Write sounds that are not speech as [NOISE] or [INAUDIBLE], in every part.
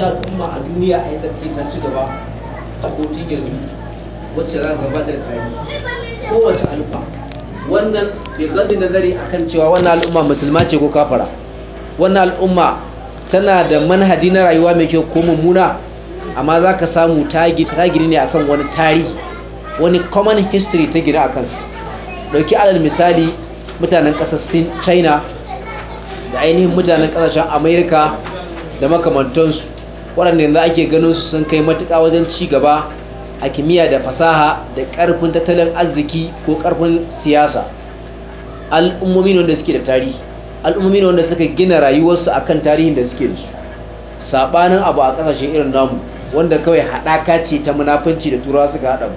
wata al'umma a duniya a yadda ke ta ci gaba a kotun yanzu wacce za ga gabatar ta tarihi kowace al'umma wannan bai gazi nazari kan cewa wannan al'umma musulma ce ko kafara wannan al'umma tana da manhaji na rayuwa mai kyau ko mummuna amma za ka samu tagiri ne akan wani tarihi wani common history ta gina a kansa ɗauki alal misali mutanen ƙasar sin china da ainihin mutanen ƙasashen amerika da makamantansu waɗanda yanzu ake ganin su sun kai matuƙa wajen ci gaba a kimiyya da fasaha da ƙarfin tattalin arziki ko ƙarfin siyasa al'ummomi ne wanda suke da tarihi al'ummomi ne wanda suka gina rayuwarsu akan tarihin da suke da su saɓanin abu a ƙasashen irin namu wanda kawai haɗaka ce ta munafunci da turawa suka haɗa mu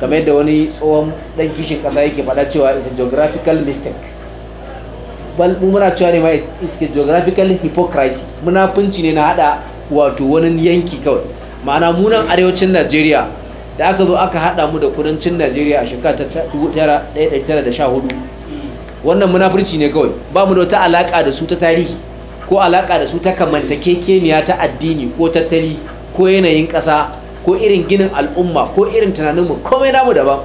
kamar yadda wani tsohon ɗan kishin ƙasa yake faɗa cewa is a geographical mistake bal mu muna cewa ne ma is a geographical hypocrisy munafunci ne na haɗa wato wani yanki kawai ma'ana munan arewacin najeriya da aka zo aka haɗa mu da kudancin najeriya a shekara ta 1914 wannan munafurci ne kawai ba mu da wata alaka da su ta tarihi ko alaka da su ta kamantakekeniya ta addini ko tattali ko yanayin ƙasa ko irin ginin al'umma ko irin tunaninmu komai namu daban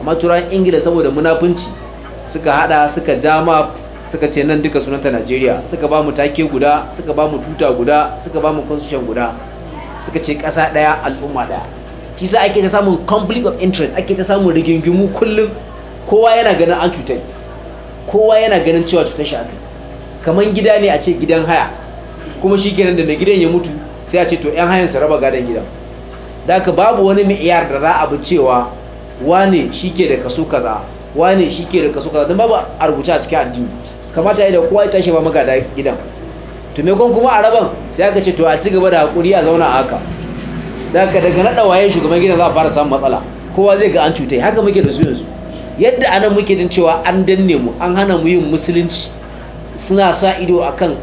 amma turan ingila saboda munafunci suka haɗa suka jama suka ce nan duka sunanta Najeriya suka ba mu take guda suka ba mu tuta guda suka ba mu constitution guda suka ce ƙasa ɗaya al'umma ɗaya shi sa ake ta samun conflict of interest ake ta samun rigingimu kullum kowa yana ganin an cuta kowa yana ganin cewa cutar shi aka kamar gida ne a ce gidan haya kuma shi kenan da mai gidan ya mutu sai a ce to 'yan hayan sa raba gadon gidan da haka babu wani mi'iyar da za a bi cewa wane shi ke da kaso kaza wane shi ke da kaso kaza don babu a rubuce a cikin addini kamata ya da kowa ya tashi ba magada gidan to me kuma a raban sai aka ce to a cigaba da hakuri a zauna a haka ka daga nada waye shugaban gidan za a fara samun matsala kowa zai ga an cuta haka muke da su yanzu yadda anan muke jin cewa an danne mu an hana mu yin musulunci suna sa ido akan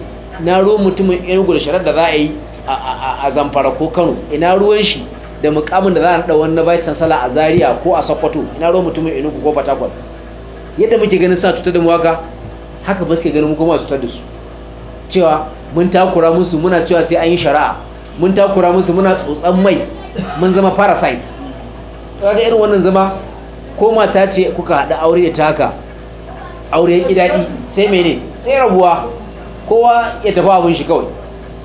na ruwan mutumin yan sharar da za a yi a zamfara ko kano ina ruwan shi da mukamin da za a naɗa wani vice sansala a zaria ko a sokoto ina ruwan mutumin enugu ko port yadda muke ganin sa cutar da mu haka haka ba suke ganin kuma cutar da su cewa mun takura musu muna cewa sai an yi shari'a mun takura musu muna tsotsan mai mun zama parasite kaga irin wannan zama ko mata ce kuka haɗa aure da taka aure ya daɗi sai mene sai rabuwa kowa ya tafi abin shi kawai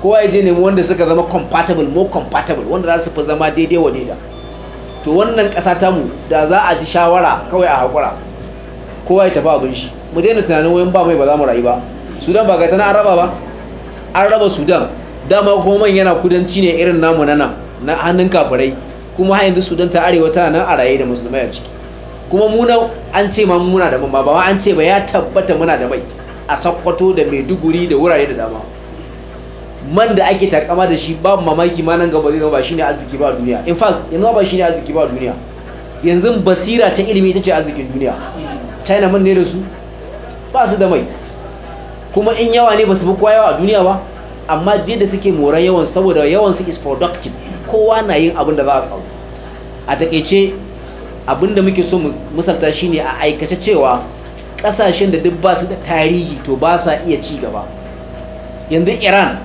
kowa ya je nemi wanda suka zama compatible more compatible wanda za su fi zama daidai wa daida to wannan ƙasa mu da za a ji shawara kawai a haƙura kowa ya tafi abin shi mu daina tunanin wayan ba mai ba za mu rayu ba sudan ba ga tana an raba ba an raba sudan dama kuma yana kudanci ne irin namu na nan na hannun kafirai kuma har yanzu sudan ta arewa tana nan a raye da musulmai a ciki kuma muna an ce ma muna da mamba ba an ce ba ya tabbata muna da mai a sakkwato da maiduguri da wurare da dama man da ake takama da shi babu mamaki ma nan gaba zai zama ba shine arziki ba duniya in fact yanzu ba shi ne arziki ba duniya yanzu basira ta ilimi ita ce arzikin duniya china man ne da su ba su da mai kuma in yawa ne ba su fi kowa yawa a duniya ba amma je da suke moran yawan saboda yawan su is productive kowa na yin abin da za a kawo a takaice abin da muke so musanta shi shine a aikace cewa kasashen da duk ba su da tarihi to ba sa iya ci gaba yanzu iran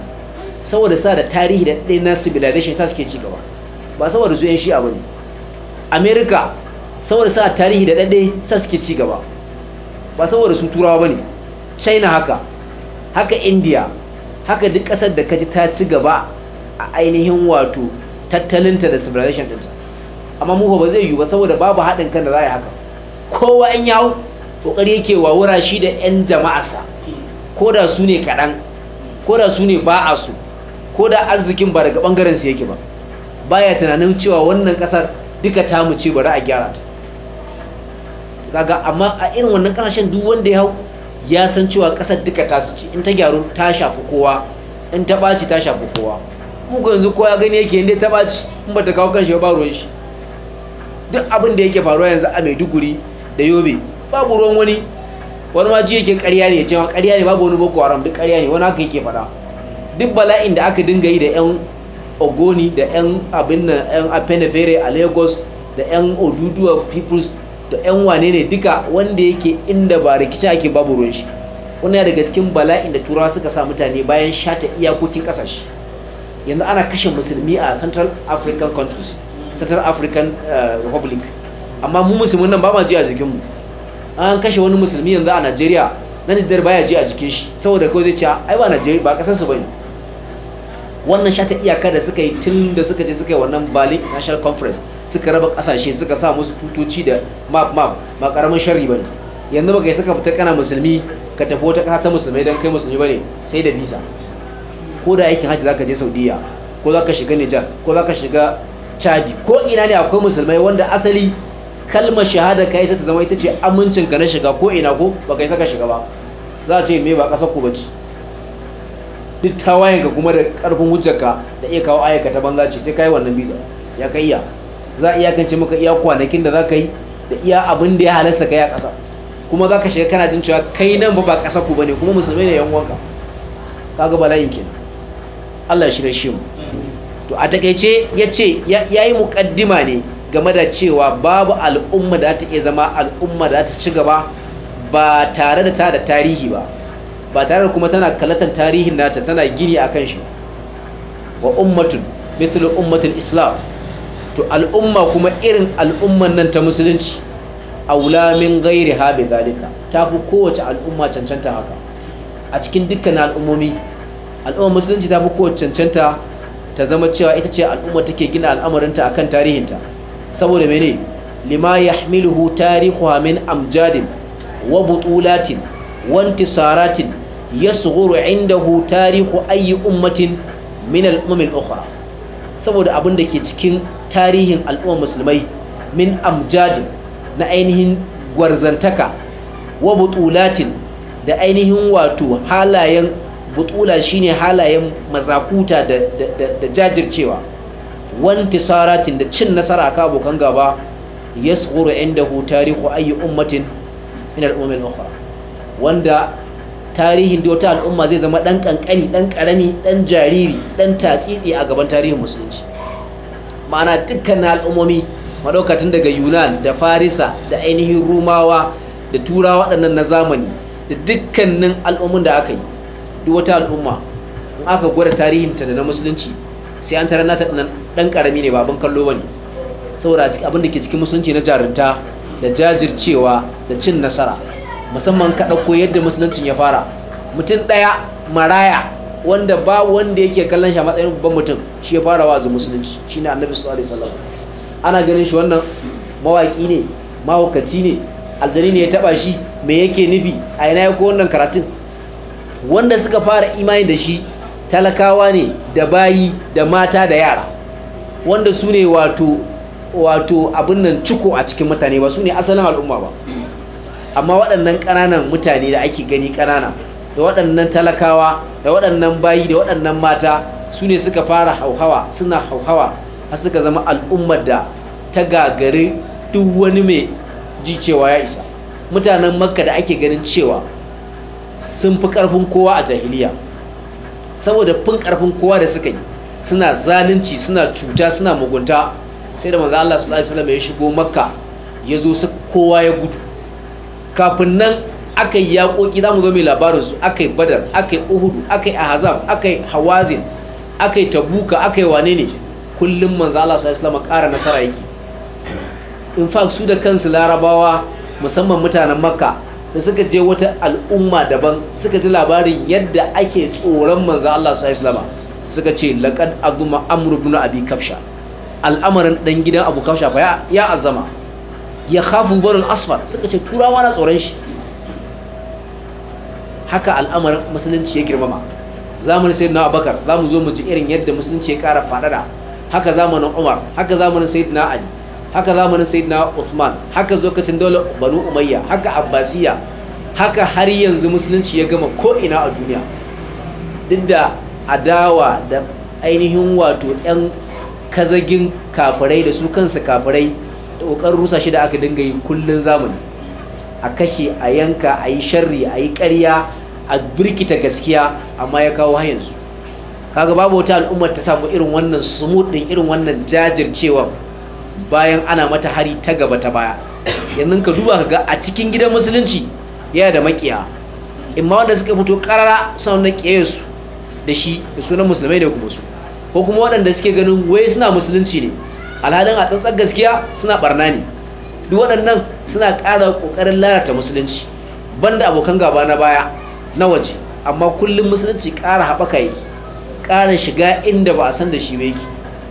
saboda sa da tarihi da ɗaya na civilization sa suke ci gaba ba saboda su yan shi'a ba ne america saboda sa tarihi da ɗaɗɗe sa suke ci gaba ba saboda su turawa bane china haka haka india haka duk kasar da ka kaji ta ci gaba a ainihin wato tattalinta da civilization ɗinta amma mu ba zai yiwu ba saboda babu haɗin kan da za a yi haka kowa in ya hau ƙoƙari yake wura shi da 'yan jama'arsa ko da su ne kaɗan ko da su ne ba a su ko da arzikin ba daga ɓangaren su yake ba baya tunanin cewa wannan ƙasar duka ta mu ce bari a gyara ta kaga amma a irin wannan kasashen duk wanda ya hau ya san cewa kasar duka ta su ci in ta gyaru ta shafi kowa in ta ɓaci ta shafi kowa muku yanzu kowa gani yake inda ta ɓaci in ba ta kawo kan shi ba ruwan shi duk abin da yake faruwa yanzu a maiduguri da yobe babu ruwan wani wani ma ji yake ƙarya ne cewa ƙarya ne babu wani boko haram duk ƙarya ne wani haka yake faɗa duk bala'in da aka dinga yi da yan ogoni da yan abin nan yan apenefere a lagos da yan oduduwa people's To yan wane ne duka wanda yake inda ba rikici ake babu ruwan shi wannan daga cikin bala'in da turawa suka sa mutane bayan shata iyakokin kasashe yanzu ana kashe musulmi a central african countries central african eh, republic amma mu musulmin nan ba ma ji a jikinmu an kashe wani musulmi yanzu a nigeria na nigeria baya ji a jikin shi saboda kawai zai ce ai ba nigeria ba kasar su bane wannan shata iyaka da suka yi tun da suka je suka yi wannan bali national conference suka raba kasashe suka sa musu tutoci da map map ba karamin sharri bane yanzu baka saka fita kana musulmi ka tafi wata kasa ta musulmai dan kai musulmi bane sai da visa ko da aikin hajji zaka je Saudiya ko zaka shiga Nijar, ko zaka shiga Chadi ko ina ne akwai musulmai wanda asali kalmar shahada kai sai ta zama ita ce amincinka ka na shiga ko ina ko baka saka shiga ba za a ce me ba kasar ku bace duk tawayenka kuma da karfin ka da iya kawo ayyuka ta banza ce sai kai wannan visa ya kai ya za a iyakance maka iya kwanakin da za ka yi da iya abin da ya halasta ka yi a ƙasa kuma za ka shiga kana jin cewa kai nan ba ba ƙasa ku ba kuma musulmai ne yan wanka Ka kaga bala'in kenan Allah shi rashe mu to a takaice ya ce ya yi muƙaddima ne game da cewa babu al'umma da ta iya zama al'umma da ta ci gaba ba tare da ta da tarihi ba ba tare da kuma tana kalatan tarihin nata tana gini akan kan shi wa ummatun mithlu ummatul islam to al'umma kuma irin al'umman nan ta musulunci aula min gairi ha zalika ta fi kowace al'umma cancanta haka a cikin dukkan al'ummomi al'ummar musulunci ta fi kowace cancanta ta zama cewa ita ce al'umma take gina al'amarinta akan tarihinta saboda mene lima yahmiluhu tarihu min amjadin wa butulatin wa intisaratin yasghuru indahu tarihu ayi ummatin min al'ummin ukhra saboda abin da ke cikin tarihin al'ummar musulmai min amjadin na ainihin gwarzantaka wa butulatin da ainihin wato halayen butula shine halayen mazakuta da, da, jajircewa wanti saratin da cin nasara a abokan gaba ya tsoro inda hu tarihu ayi ummatin min al'ummar ukhra wanda tarihin da wata al'umma zai zama dan kankani dan karami dan jariri dan tatsitsi a gaban tarihin musulunci ma'ana dukkanin al'ummomi maɗaukatun daga yunan da farisa da ainihin rumawa da turawa waɗannan na zamani da dukkanin al'ummin da aka yi duk wata al'umma in aka gwada tarihinta da na musulunci sai an tarar nata ɗan ƙarami ne babban kallo bane saboda abin da ke cikin musulunci na jarunta da jajircewa da cin nasara musamman ka ɗauko yadda musuluncin ya fara mutum ɗaya maraya wanda ba wanda yake kallon shi a matsayin babban mutum shi ya fara wa'azin musulunci ne annabi sallallahu alaihi wasallam ana ganin shi wannan mawaki ne mahaukaci ne aljani ne ya taba shi me yake nufi a ina ya ko wannan karatun wanda suka fara imani da shi talakawa ne da bayi da mata da yara wanda su ne wato wato abin nan ciko a cikin mutane ba su ne asalin al'umma ba amma waɗannan ƙananan mutane da ake gani ƙanana da waɗannan talakawa da waɗannan bayi da waɗannan mata su ne suka fara hauhawa suna hauhawa har suka zama al'ummar da ta gagari duk wani mai ji cewa ya isa mutanen makka da ake ganin cewa sun fi ƙarfin kowa a jahiliya saboda fin ƙarfin kowa da suka yi suna zalunci suna cuta suna mugunta sai da manzo Allah sallallahu alaihi wasallam ya shigo makka ya zo su kowa ya gudu kafin nan aka yi yaƙoƙi za mu zo mai su. aka yi badar aka yi uhudu aka yi ahazab aka yi hawazin aka yi tabuka aka yi wane ne kullum manzo Allah sallallahu alaihi ƙara nasara yake in fact su da kansu larabawa musamman mutanen makka da suka je wata al'umma daban suka ji labarin yadda ake tsoron manzo Allah sallallahu alaihi suka ce laqad azuma amr ibn abi kafsha al'amarin dan gidan abu kafsha fa ya azama ya khafu barul asfar suka ce turawa na tsoron shi haka al'amarin musulunci ya girmama zamanin na abakar za mu zo mu ji irin yadda musulunci ya kara faɗaɗa haka zamanin umar haka zamanin na ali haka zamanin na Usman, haka lokacin dole banu umayya haka abbasiya haka har yanzu musulunci ya gama ko'ina a duniya duk da adawa da ainihin wato 'yan kazagin kafirai da su kansu kafirai da ƙoƙarin rusa shi da aka dinga yi kullun zamani a kashe a yanka a yi sharri a yi ƙarya a birkita gaskiya amma ya kawo yanzu kaga babu wata al'ummar ta samu irin wannan sumut ɗin irin wannan jajircewa bayan ana mata hari ta gaba ta baya yanzu ka duba ka ga a cikin gidan musulunci yana da makiya imma wanda suka fito karara suna na kiyayensu da shi da sunan musulmai da kuma su ko kuma waɗanda suke ganin wai suna musulunci ne alhalin a tsantsar gaskiya suna barna ne duk waɗannan suna ƙara ƙoƙarin lalata musulunci banda abokan gaba na baya na waje amma kullum musulunci ƙara haɓaka yake ƙara shiga inda ba a san da shi ba yake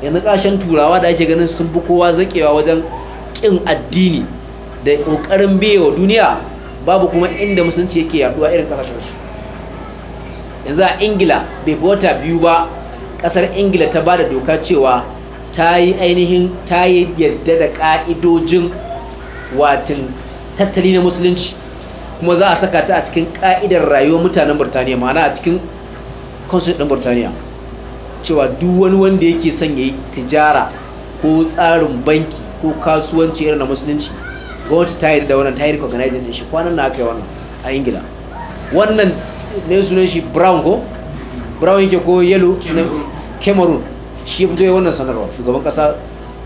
yanzu ƙashen turawa da ake ganin sun fi kowa zaƙewa wajen ƙin addini da ƙoƙarin biyewa duniya babu kuma inda musulunci yake yaɗuwa irin ƙasashensu yanzu a ingila bai fi wata biyu ba ƙasar ingila ta ba da doka cewa ta yi ainihin ta yi yadda da ƙa'idojin watin tattali na musulunci kuma za a saka ta a cikin ka'idar rayuwar mutanen burtaniya ma'ana a cikin consulate ɗin burtaniya cewa duk wani wanda yake son ya yi tijara ko tsarin banki ko kasuwanci irin na musulunci gwamnati ta yi da wannan ta yi recognizing din shi kwanan na aka yi wannan a ingila wannan ne sunan shi brown ko brown yake ko yellow na cameroon shi ya fito ya wannan sanarwa shugaban kasa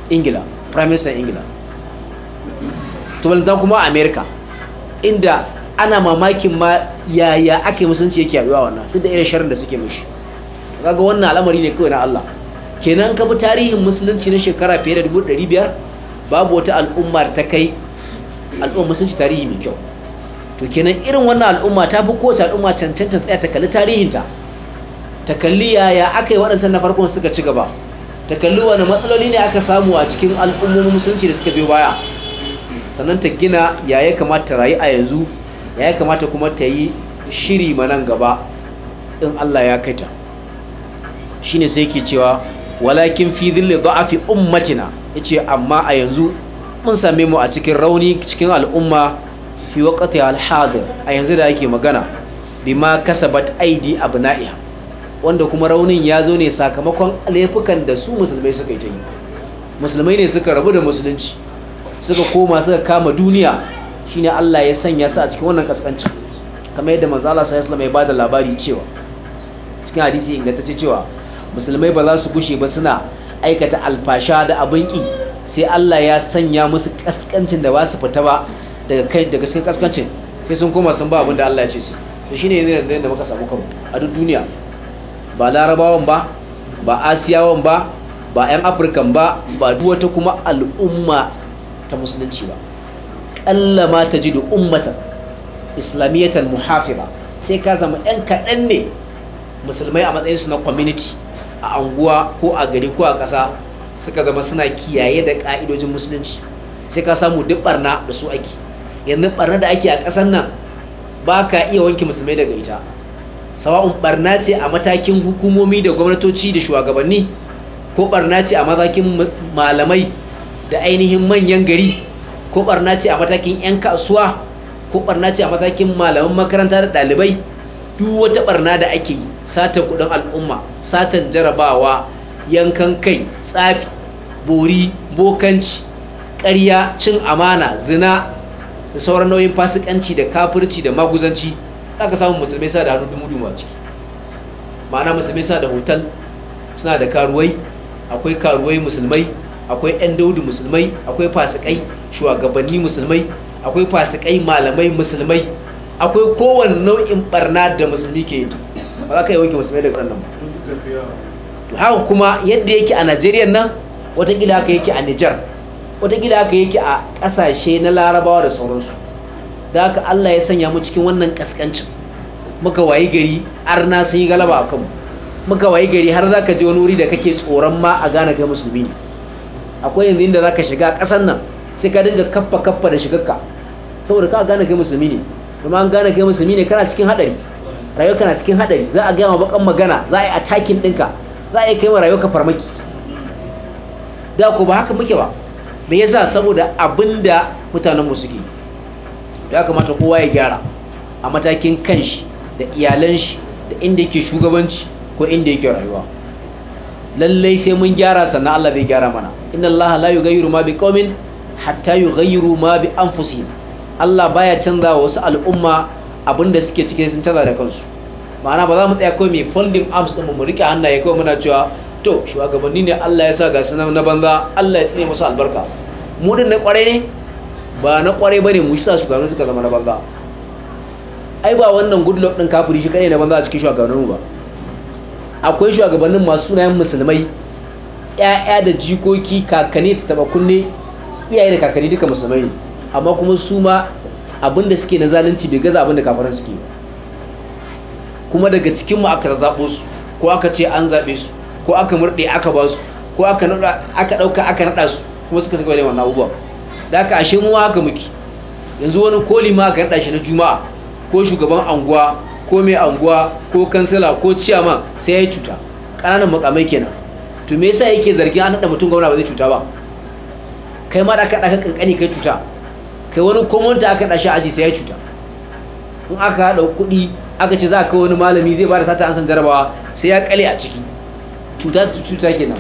ingila prime minister ingila to kuma a america inda ana mamakin ma yaya ake musulunci yake yaduwa wannan duk da irin sharrin da suke mishi kaga wannan al'amari ne kawai na Allah kenan ka bi tarihin musulunci na shekara fiye da 1500 babu wata al'umma ta kai al'umma musulunci tarihi mai kyau to kenan irin wannan al'umma ta fi kowace al'umma cancanta tsaya ta kalli tarihinta ta kalli yaya aka yi waɗancan na farkon suka ci gaba ta kalli wani matsaloli ne aka samu a cikin al'ummomin musulunci da suka biyo baya sannan ta gina ya ya kamata rayu a yanzu ya ya kamata kuma ta yi shiri ma nan gaba in Allah ya kaita shine sai ke cewa walakin fi dhilli dha'fi ummatina ce, amma a yanzu mun same mu a cikin rauni cikin al'umma fi waƙata al a yanzu da yake magana bima kasabat aidi na'iya wanda kuma raunin ya zo ne sakamakon laifukan da su musulmai suka yi ta yi musulmai ne suka rabu da musulunci suka koma suka kama duniya shine Allah ya sanya su a cikin wannan kaskancin kamar yadda manzo Allah sallallahu alaihi wasallam ya bada labari cewa cikin hadisi ingantacce cewa musulmai ba za su gushe ba suna aikata alfasha da abin ki sai Allah ya sanya musu kaskancin da ba su fita ba daga kai daga cikin kaskancin sai sun koma sun ba abin da Allah ya ce su to shine yanzu da muka samu a duk duniya ba larabawan ba ba asiyawan ba ba 'yan afirkan ba ba duk wata kuma al'umma ta musulunci ba ƙalla ma ta ji da ummatan islamiyyatan muhafira sai ka zama 'yan kaɗan ne musulmai a matsayinsu na community a anguwa ko a gari ko a ƙasa suka zama suna kiyaye da ƙa'idojin musulunci sai ka samu duk barna da su ake yanzu barna da ake a ƙasar nan ba ka iya wanke musulmai daga ita sawa'un barna ce a matakin hukumomi da gwamnatoci da shugabanni ko barna ce a matakin malamai da ainihin manyan gari ko barna ce a matakin 'yan kasuwa ko barna ce a matakin malaman makaranta da ɗalibai duk wata barna da ake yi satan kudin al'umma satan jarabawa yankan kai tsafi bori bokanci ƙarya cin amana zina da sauran nauyin fasikanci da kafirci da maguzanci aka samu musulmi sa da hannu dumu-dumu ciki ma'ana musulmi sa da hotel suna da karuwai akwai karuwai musulmai akwai 'yan daudu musulmai akwai fasikai shugabanni musulmai akwai fasikai malamai musulmai akwai kowane nau'in barna da musulmi ke yi ba za ka yi wanke musulmai daga wannan ba haka kuma yadda yake a najeriya nan watakila haka yake a nijar watakila haka yake a ƙasashe na larabawa da sauransu da haka allah ya sanya mu cikin wannan kaskancin muka wayi gari arna sun yi galaba a kanmu muka wayi gari har za ka je wani wuri da kake tsoron ma a gane kai musulmi ne akwai yanzu inda zaka shiga kasan nan sai ka dinga kaffa kaffa da shigarka saboda ka gane kai musulmi ne kuma an gane kai musulmi ne kana cikin hadari rayuwa kana cikin hadari za a gaya ma bakan magana za a yi attacking ɗinka za a yi kai wa rayuwa farmaki da ko ba haka muke ba me yasa saboda abinda mutanen mu suke ya kamata kowa ya gyara a matakin kanshi da iyalan shi da inda yake shugabanci ko inda yake rayuwa lallai sai mun gyara sannan Allah zai gyara mana inna allaha la yughayyiru ma biqaumin hatta yughayyiru ma bi anfusihim Allah baya canza wa wasu al'umma abinda suke cike sun canza da kansu ma'ana ba za mu tsaya kawai mai folding arms din mu rike hannaye kawai muna cewa to shugabanni ne Allah ya sa ga sunan na banza Allah ya tsine musu albarka mu din na kwarai ne ba na kwarai bane mu sa shugabanni suka zama na banza ai ba wannan good luck din kafiri shi kane na banza a cikin shugabanninmu ba akwai shugabannin masu sunayen musulmai 'ya'ya da jikoki kakanni ta taba kunne iyaye da kakanni duka musulmai amma kuma su ma abinda suke na zalunci bai gaza abinda kafaran suke kuma daga cikinmu aka zaɓo su ko aka ce an zaɓe su ko aka murɗe aka ba su ko aka ɗauka aka naɗa su kuma suka suka wani wannan abubuwa da aka ashe mu haka muke yanzu wani koli ma aka naɗa shi na juma'a ko shugaban anguwa ko mai anguwa ko kansila ko ciyama, sai ya yi cuta ƙananan makamai kenan to me yasa yake zargin an da mutum gwamna ba zai cuta ba kai ma da aka ɗaka kankani kai cuta kai wani komonta aka ɗashi aji sai ya cuta in aka haɗa kuɗi aka ce za ka wani malami zai ba da sata an san jarabawa sai ya kale a ciki cuta ta cuta kenan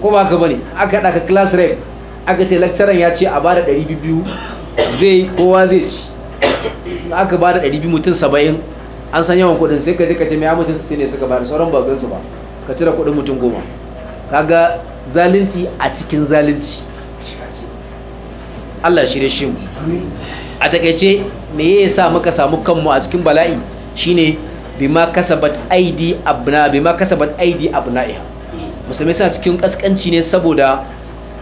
ko ba ka bane aka haɗa ka class rep aka ce lecturer ya ce a ba da ɗari biyu zai kowa zai ci aka ba da ɗari biyu mutum saba'in an san yawan kudin sai ka je ka ce mai mutum su ne suka ba da sauran ba su ba ka cire kudin mutum goma kaga zalunci a cikin zalunci Allah shirye shi mu a takaice me sa muka samu kanmu a cikin bala'i shine bima kasabat aidi abna bima kasabat aidi abna'iha musulmi suna cikin kaskanci ne saboda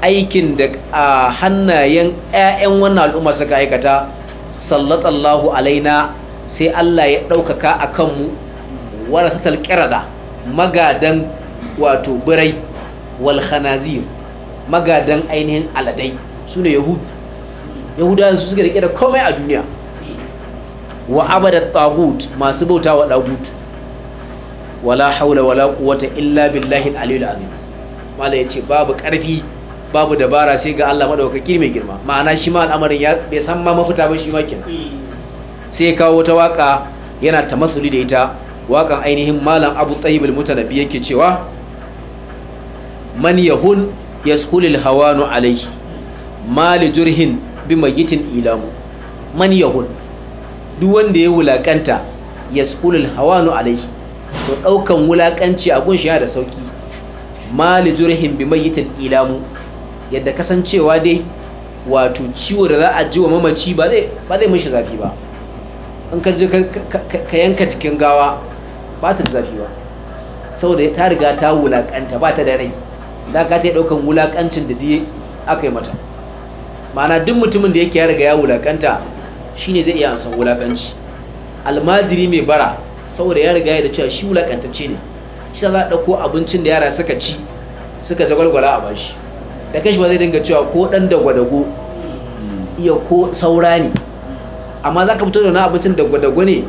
aikin da a hannayen 'ya'yan wannan al'umma suka aikata sallatallahu alaina sai Allah ya ɗaukaka a kanmu wadda ta magadan wato birai wal khanazir magadan ainihin aladai su ne yahudu yahuda su suka rike da komai a duniya wa abada tagut masu bauta wa tagut wala haula wala quwwata illa billahi al-aliyyil azim mala yace babu karfi babu dabara sai ga Allah madaukaki mai girma ma'ana shi ma al'amarin ya bai san ma mafita ba shi ma kenan hmm. sai kawo wata waka yana tamasuli da ita wakan ainihin malam abu tsayib al-mutanabi yake cewa man yahun yaskulil hawanu alayhi mali jurhin bi magitin ilamu man yahun duk wanda ya wulakanta yaskulil hawanu alayhi to daukan wulakanci a gun da sauki mali jurhin bi magitin ilamu yadda kasancewa dai wato ciwo da za a ji wa mamaci ba zai mishi zafi ba in ka je ka yanka jikin gawa ba ta zafi ba saboda ta riga ta wulakanta ba ta da rai da ka ta yi ɗaukan wulakancin da diye aka yi mata ma'ana duk mutumin da yake ya riga ya wulakanta shine zai iya ansan wulakanci almajiri mai bara saboda ya riga ya da cewa shi wulakantacce ne shi za a ɗauko abincin da yara suka ci suka zagwalgwala a bashi da kashi ba zai dinga cewa ko ɗan da gwadago iya ko saura ne amma za ka fito da wani abincin da gwadago ne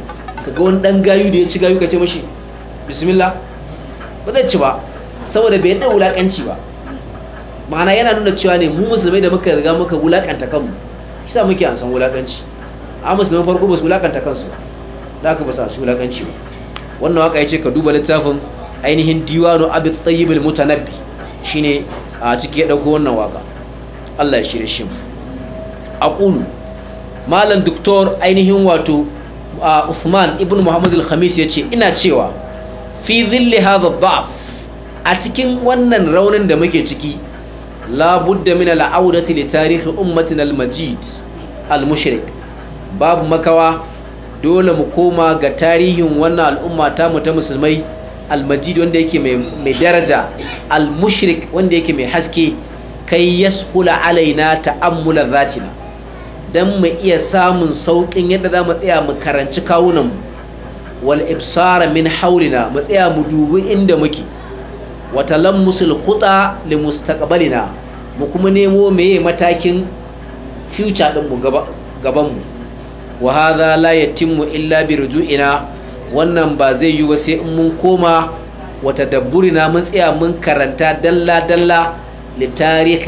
kaga wani dan gayu da ya ci gayu ka ce mashi bismillah ba zai ci ba saboda bai yadda wulakanci ba ma'ana yana nuna cewa ne mu musulmai da muka riga muka wulakanta kanmu shi sa muke an san wulakanci a musulman farko ba su wulakanta kansu da aka ba su su wulakanci ba wannan waka ya ce ka duba littafin ainihin diwanu abin tsayibin mutanabbi shine a ciki ya ɗauko wannan waka allah ya shirya shi a Kulu, malam doktor ainihin wato Usman ibn Muhammad al-Khamis yace ina cewa fi dhilli hadha dhaf a cikin wannan raunin da muke ciki la budda min al-audati li tarihi ummatin al-majid al-mushrik babu makawa dole mu koma ga tarihin wannan al'umma ta mu ta musulmai al-majid wanda yake mai daraja al-mushrik wanda yake mai haske kai yashula alaina ta'ammula zatina don mu iya samun sauƙin yadda za mu tsaya mu karanci kawunanmu wal ibsara min haurina, mu tsaya mu dubi inda muke wata lammusul huɗa li mustaqbalina mu kuma nemo meye matakin future ɗinmu gabanmu wa haza la yatimmu illa bi ruju'ina wannan ba zai yi ba sai in mun koma wata dabburina mun tsaya mun karanta dalla dalla li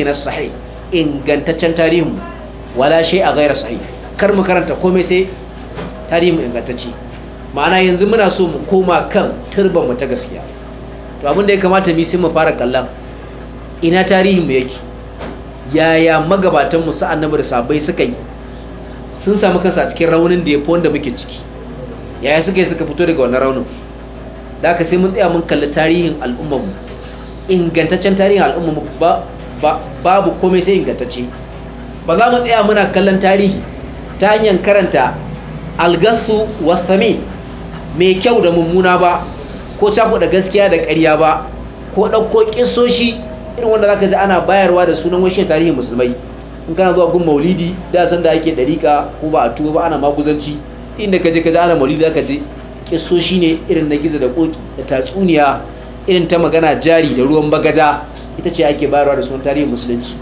na sahih ingantaccen tarihinmu wala shi a gaira sahi kar mu karanta komai sai tarihi mu ingantacce ma'ana yanzu muna so mu koma kan turban mu ta gaskiya to abin da ya kamata mu sai mu fara kallon ina tarihin mu yake yaya magabatan mu sa annabi da sabai suka yi sun samu kansa a cikin raunin da ya fi wanda muke ciki yaya suka yi suka fito daga wannan raunin da aka sai mun tsaya mun kalli tarihin mu ingantaccen tarihin al'ummarmu babu komai sai ingantacce ba za mu tsaya muna kallon tarihi ta hanyar karanta algasu wasami mai kyau da mummuna ba ko cakuɗa gaskiya da ƙarya ba ko ɗauko ƙisoshi irin wanda za ka ji ana bayarwa da sunan washe tarihin musulmai in kana zuwa gun maulidi da san da ake ɗariƙa ko ba a tuwo ba ana maguzanci inda ka je ka ji ana maulidi za ka je ƙisoshi ne irin na gizo da ƙoƙi da tatsuniya irin ta magana jari da ruwan bagaja ita ce ake bayarwa da sunan tarihin musulunci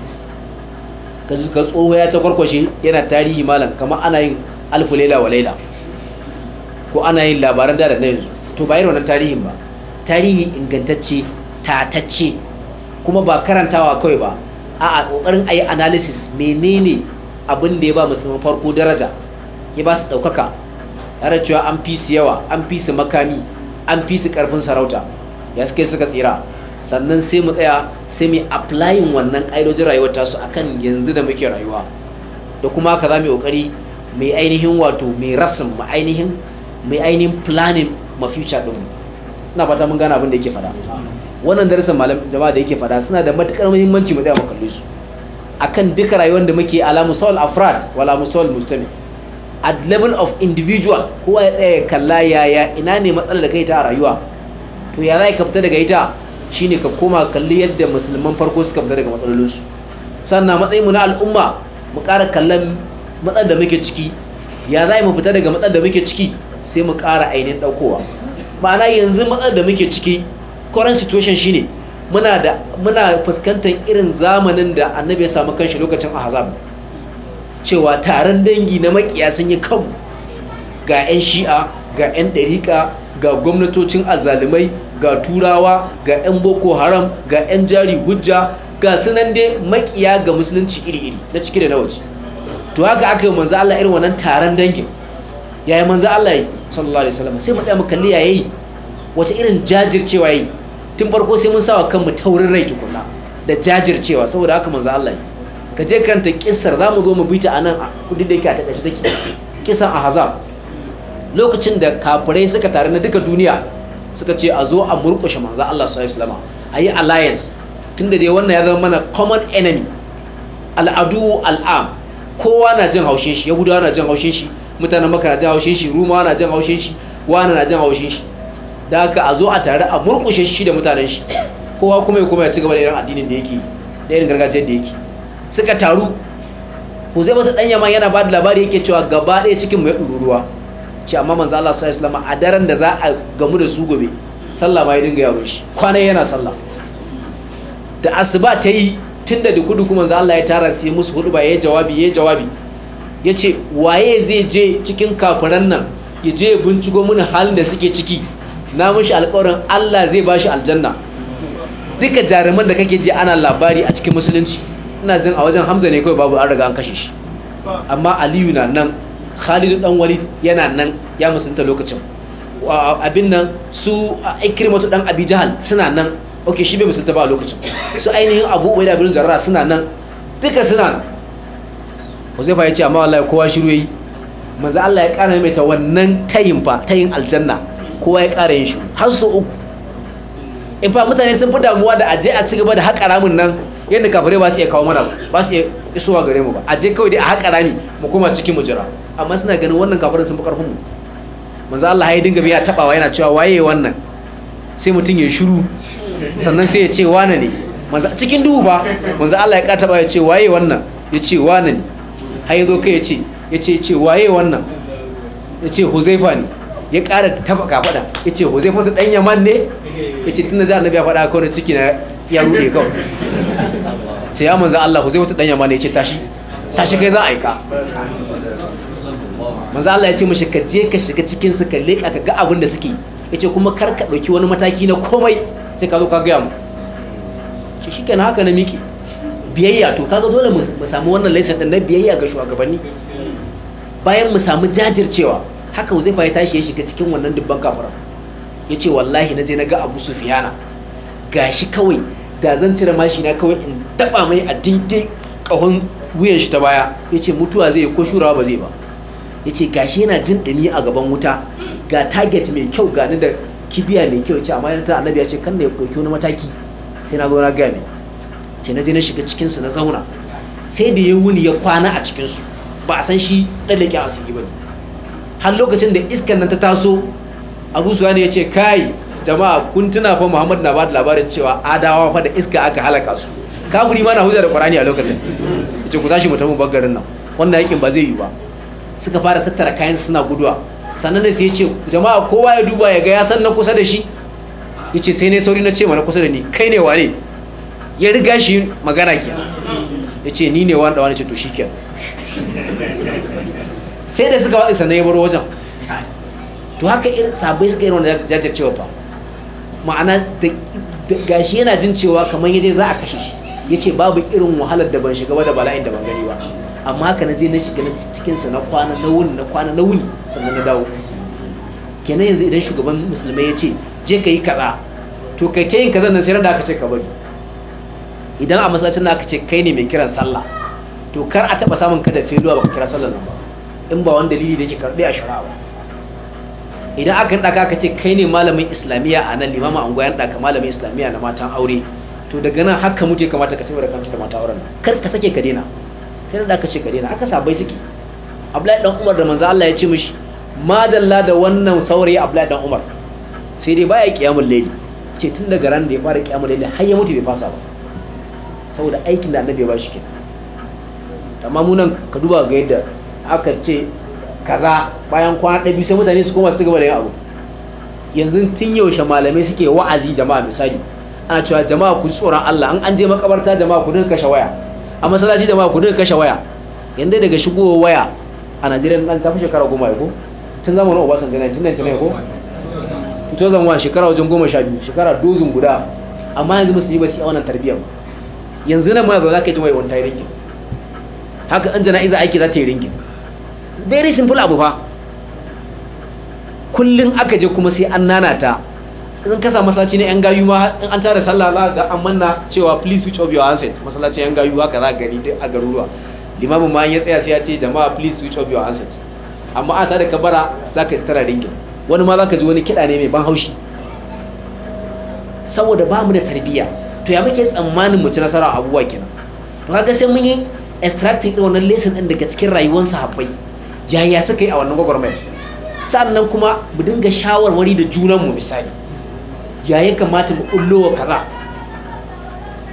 ka ji tsoho ya ta kwarkwashe yana tarihi malam kamar ana yin alfu laila wa laila ko ana yin labaran da na yanzu to ba wannan tarihin ba tarihi ingantacce tatacce kuma ba karantawa kawai ba a kokarin ayi analysis menene abin da ya ba musulman farko daraja ya ba su ɗaukaka tare cewa an fi su yawa an fi su makami an fi su ƙarfin sarauta ya suke suka tsira sannan sai mu tsaya sai mu applying wannan ƙa'idojin rayuwar ta su akan yanzu da muke rayuwa da kuma haka za mu yi ƙoƙari mai ainihin wato mai rasin mai ainihin mai ainihin planning ma future din ina fata mun gane abin da yake fada wannan darasin malam jama'a da yake fada suna da matukar muhimmanci mu tsaya mu kalle su akan duka rayuwar da muke ala musawal afrad wala musawal mustami at level of individual kowa ya tsaya kalla yaya ina ne matsalar da kai ta rayuwa to ya za ka fita daga ita shine ka koma kalli yadda musulman farko suka fita daga matsalolinsu sannan matsayinmu na al'umma mu ƙara kallon matsar da muke ciki ya za mu fita daga matsal da muke ciki sai mu ƙara ainihin ɗaukowa ma'ana yanzu matsal da muke ciki current situation shine muna muna fuskantar irin zamanin da annabi ya samu kanshi lokacin ahzab cewa taron dangi na makiya sun yi kan ga 'yan shi'a ga 'yan ɗariƙa ga gwamnatocin azalumai ga turawa ga 'yan boko haram ga 'yan jari hujja ga sunan dai makiya ga musulunci iri-iri na ciki da na waje to haka aka yi manzo Allah irin wannan taron dangin yayin manzo Allah yi sallallahu alaihi wasallam sai mu da mu kalli yayi wace irin jajircewa yayi tun farko sai mun sawa kanmu taurin rai tukunna da jajircewa saboda haka manzo Allah yi ka je karanta kissar za mu zo mu bita a a kudi da yake a takaice take kisan ahzab lokacin da kafirai suka tare na duka duniya suka ce a zo a murkushe manzo Allah sallallahu alaihi wasallam a yi alliance tunda dai wannan ya zama mana common enemy al'adu al'am kowa na jin haushin shi yahudawa na jin haushin shi mutanen maka na jin haushin shi rumawa na jin haushin shi wani na jin haushin shi da haka a zo a tare a murkushe shi da mutanen shi kowa kuma ya kuma ya ci gaba da irin addinin da yake da irin gargajiyar da yake suka taru huzaifa ta dan yaman yana ba da labari yake cewa gaba ɗaya cikin mu ya ruwa ce amma manzo Allah sallallahu alaihi a daren da za a gamu da su gobe sallah ma ya dinga yaro shi kwana yana sallah da asuba ta yi tunda da kudu kuma manzo Allah ya tara sai musu hudu ba yayi jawabi yayi jawabi yace waye zai je cikin kafiran nan ya je ya binciko mini halin da suke ciki na mishi alƙawarin Allah zai bashi aljanna duka jaruman da kake ji ana labari a cikin musulunci ina jin a wajen Hamza ne kawai babu an riga an kashe shi amma Aliyu na nan Khalid dan Walid yana nan ya musulunta lokacin abin nan su ikrimatu dan abi jahal suna nan ok shi bai musulunta ba a lokacin su ainihin abu ubai da abin jarara suna nan duka suna nan Wasu ya ce amma ya kowa shiru yi. maza Allah ya ƙara mai ta wannan tayin fa tayin aljanna kowa ya ƙara yin shi har su uku in fa mutane sun fi damuwa da aje a ci gaba da haƙa ramin nan yadda kafirai ba su iya kawo mana ba su iya isowa gare mu ba aje kawai dai a haƙa rami mu koma cikin mu jira amma suna ganin wannan kafarin sun fi ƙarfin mu manzo Allah ya dinga biya tabawa yana cewa waye wannan sai mutum ya shiru sannan sai ya ce wane ne manzo cikin duhu ba manzo Allah ya taba ya ce waye wannan ya ce wane ne har yazo kai ya ce ya ce ce waye wannan ya ce Huzaifa ne ya ƙara ka fada ya ce Huzaifa su dan Yaman ne ya ce tunda za annabi ya faɗa kawai ciki na ya rude kawai [LAUGHS] ce ya manzo Allah Huzaifa ta dan Yaman ne ya ce tashi tashi kai za a aika manzo Allah ya ce mishi ka je ka shiga cikin su ka leka ka ga abin da suke yace kuma kar ka dauki wani mataki na komai sai ka zo ka ga mu shi na haka na miki biyayya to kaga dole mu samu wannan laisa din na biyayya ga shugabanni bayan mu samu jajircewa haka Uzaifa ya tashi ya shiga cikin wannan dubban kafara yace wallahi na je na ga Abu Sufyana gashi kawai da zan cire mashi na kawai in taba mai a daidai kahon wuyan shi ta baya yace mutuwa zai ko shurawa ba zai ba ya ce gashi yana jin ɗumi a gaban wuta ga target mai kyau ga ni da kibiya mai kyau ce amma yana ta annabi ya ce kan na ya ɗauki wani mataki sai na zo na gami ce na je na shiga cikinsu na zauna sai da ya wuni ya kwana a cikinsu ba a san shi ɗalake a sigi ba ne. har lokacin da iskan nan ta taso abu suwani ya ce kai jama'a kun tuna fa muhammad na ba da labarin cewa adawa fa da iska aka halaka su kafiri ma na hujja da ƙwarani a lokacin ya ce ku tashi mu tafi bagarin nan wannan yakin ba zai yi ba suka fara tattara kayan suna guduwa sannan sai ya ce jama'a kowa ya duba ya ga ya san na kusa da shi ya ce sai ne sauri na ce ma na kusa da ni kai ne wane ya riga shi magana ke ya ce ni ne wanda wani ce to shi ke sai da suka waɗi sannan ya baro wajen to haka sabai suka irin wanda jajircewa fa ma'ana gashi yana jin cewa kamar yaje za a kashe shi ya ce babu irin wahalar da ban shiga ba da bala'in da ban gani ba amma haka na je na shiga sa na kwana na wuni na kwana na wuni sannan na dawo kenan yanzu idan shugaban musulmai ya ce je ka yi kaza to kai ta yin kaza nan sai da aka ce ka bari idan a masallacin da aka ce kai ne mai kiran sallah to kar a taba samun kada ba baka kira sallah nan ba in ba wani dalili da yake karbe a shari'a ba idan aka ɗaka aka ce kai ne malamin islamiyya a nan limama an goyon ɗaka malamin islamiyya na matan aure to daga nan haka mutu ya kamata ka saboda kanta da mata auren kar ka sake ka daina sai da aka ce ka daina aka sabai suke Abdullahi dan Umar da manzo Allah ya ce mishi madalla da wannan saurayi Abdullahi dan Umar sai dai baya kiyamul layli ce tun daga ran da ya fara kiyamul layli har ya mutu bai fasa ba saboda aikin da annabi ya bashi kenan amma mu nan ka duba ga yadda aka ce kaza bayan kwana ɗaya biyu sai mutane su koma su gaba da yin abu yanzu tun yaushe malamai suke wa'azi jama'a misali ana cewa jama'a ku tsoron Allah an an je makabarta jama'a ku dinga kashe waya a masallaci jama'a ku dinga kashe waya yanda daga shigowar waya a Najeriya na ta fi shekara goma ya ko tun zamanin Obasanjo 1999 ko 2001 shekara wajen goma sha biyu shekara dozin guda amma yanzu musu yi su yi wannan tarbiyyar yanzu nan ma za ka yi waya wani ta yi rinkin haka an jana'iza aiki za ta yi rinkin very simple abu fa kullum aka je kuma sai an nanata in ka samu masallaci na yan gayu ma in an tara sallah za ga an manna cewa please switch off your handset masallacin yan gayu haka za gani duk a garuruwa limamin ma ya tsaya sai ya ce jama'a please switch off your handset amma a tare kabara za ka tara ringin wani ma za ka ji wani kiɗa ne mai ban haushi saboda ba mu da tarbiyya to ya muke tsammanin mu ci nasara abubuwa kenan to kaga sai mun yi extracting din wannan lesson din daga cikin rayuwar sahabbai yaya suka yi a wannan gwagwarmaya nan kuma mu dinga shawarwari da junanmu misali ya ya kamata mu ƙullo wa kaza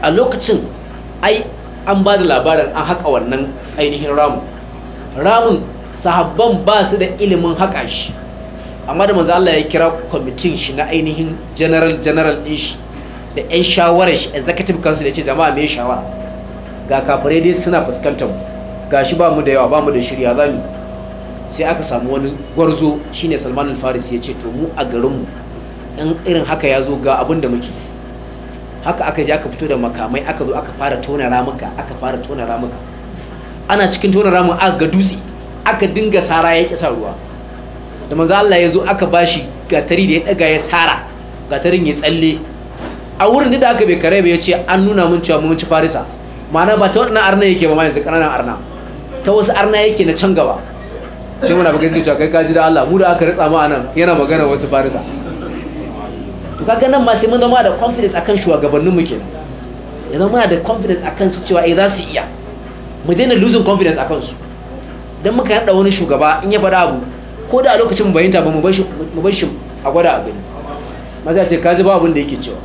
a lokacin ai an ba da labarin an haƙa wannan ainihin ramu ramun sahabban ba su da ilimin haƙa shi amma da maza Allah ya kira kwamitin shi na ainihin general general din shi da 'yan shawarar shi executive council ya ce jama'a mai shawara ga kafare dai suna fuskantar ga shi ba mu da yawa ba mu da shirya za mu sai aka samu wani gwarzo shine salman al-faris ya ce to mu a garinmu in irin haka ya zo ga abin da muke haka aka je aka fito da makamai aka zo aka fara tona ramuka aka fara tona ramuka ana cikin tona ramun aka ga dutse aka dinga sara ya kisa ruwa da manzo Allah ya zo aka bashi gatari da ya daga ya sara gatarin ya tsalle a wurin da aka bai kare bai ce an nuna mun cewa mun ci farisa ma'ana ba ta waɗannan arna yake ba ma yanzu kananan arna ta wasu arna yake na can gaba sai muna ba gaske cewa kai kaji da Allah mu da aka ritsa mu anan yana magana wasu farisa to kaga nan ma sai mun zama da confidence akan shugabannin mu kenan ya zama da confidence akan su cewa eh za su iya mu daina losing confidence akan su dan muka yada wani shugaba in ya faɗa abu ko da a lokacin mu bayyanta ba mu bar shi mu bar shi a gwada abin maza ce kaji ba abin da yake cewa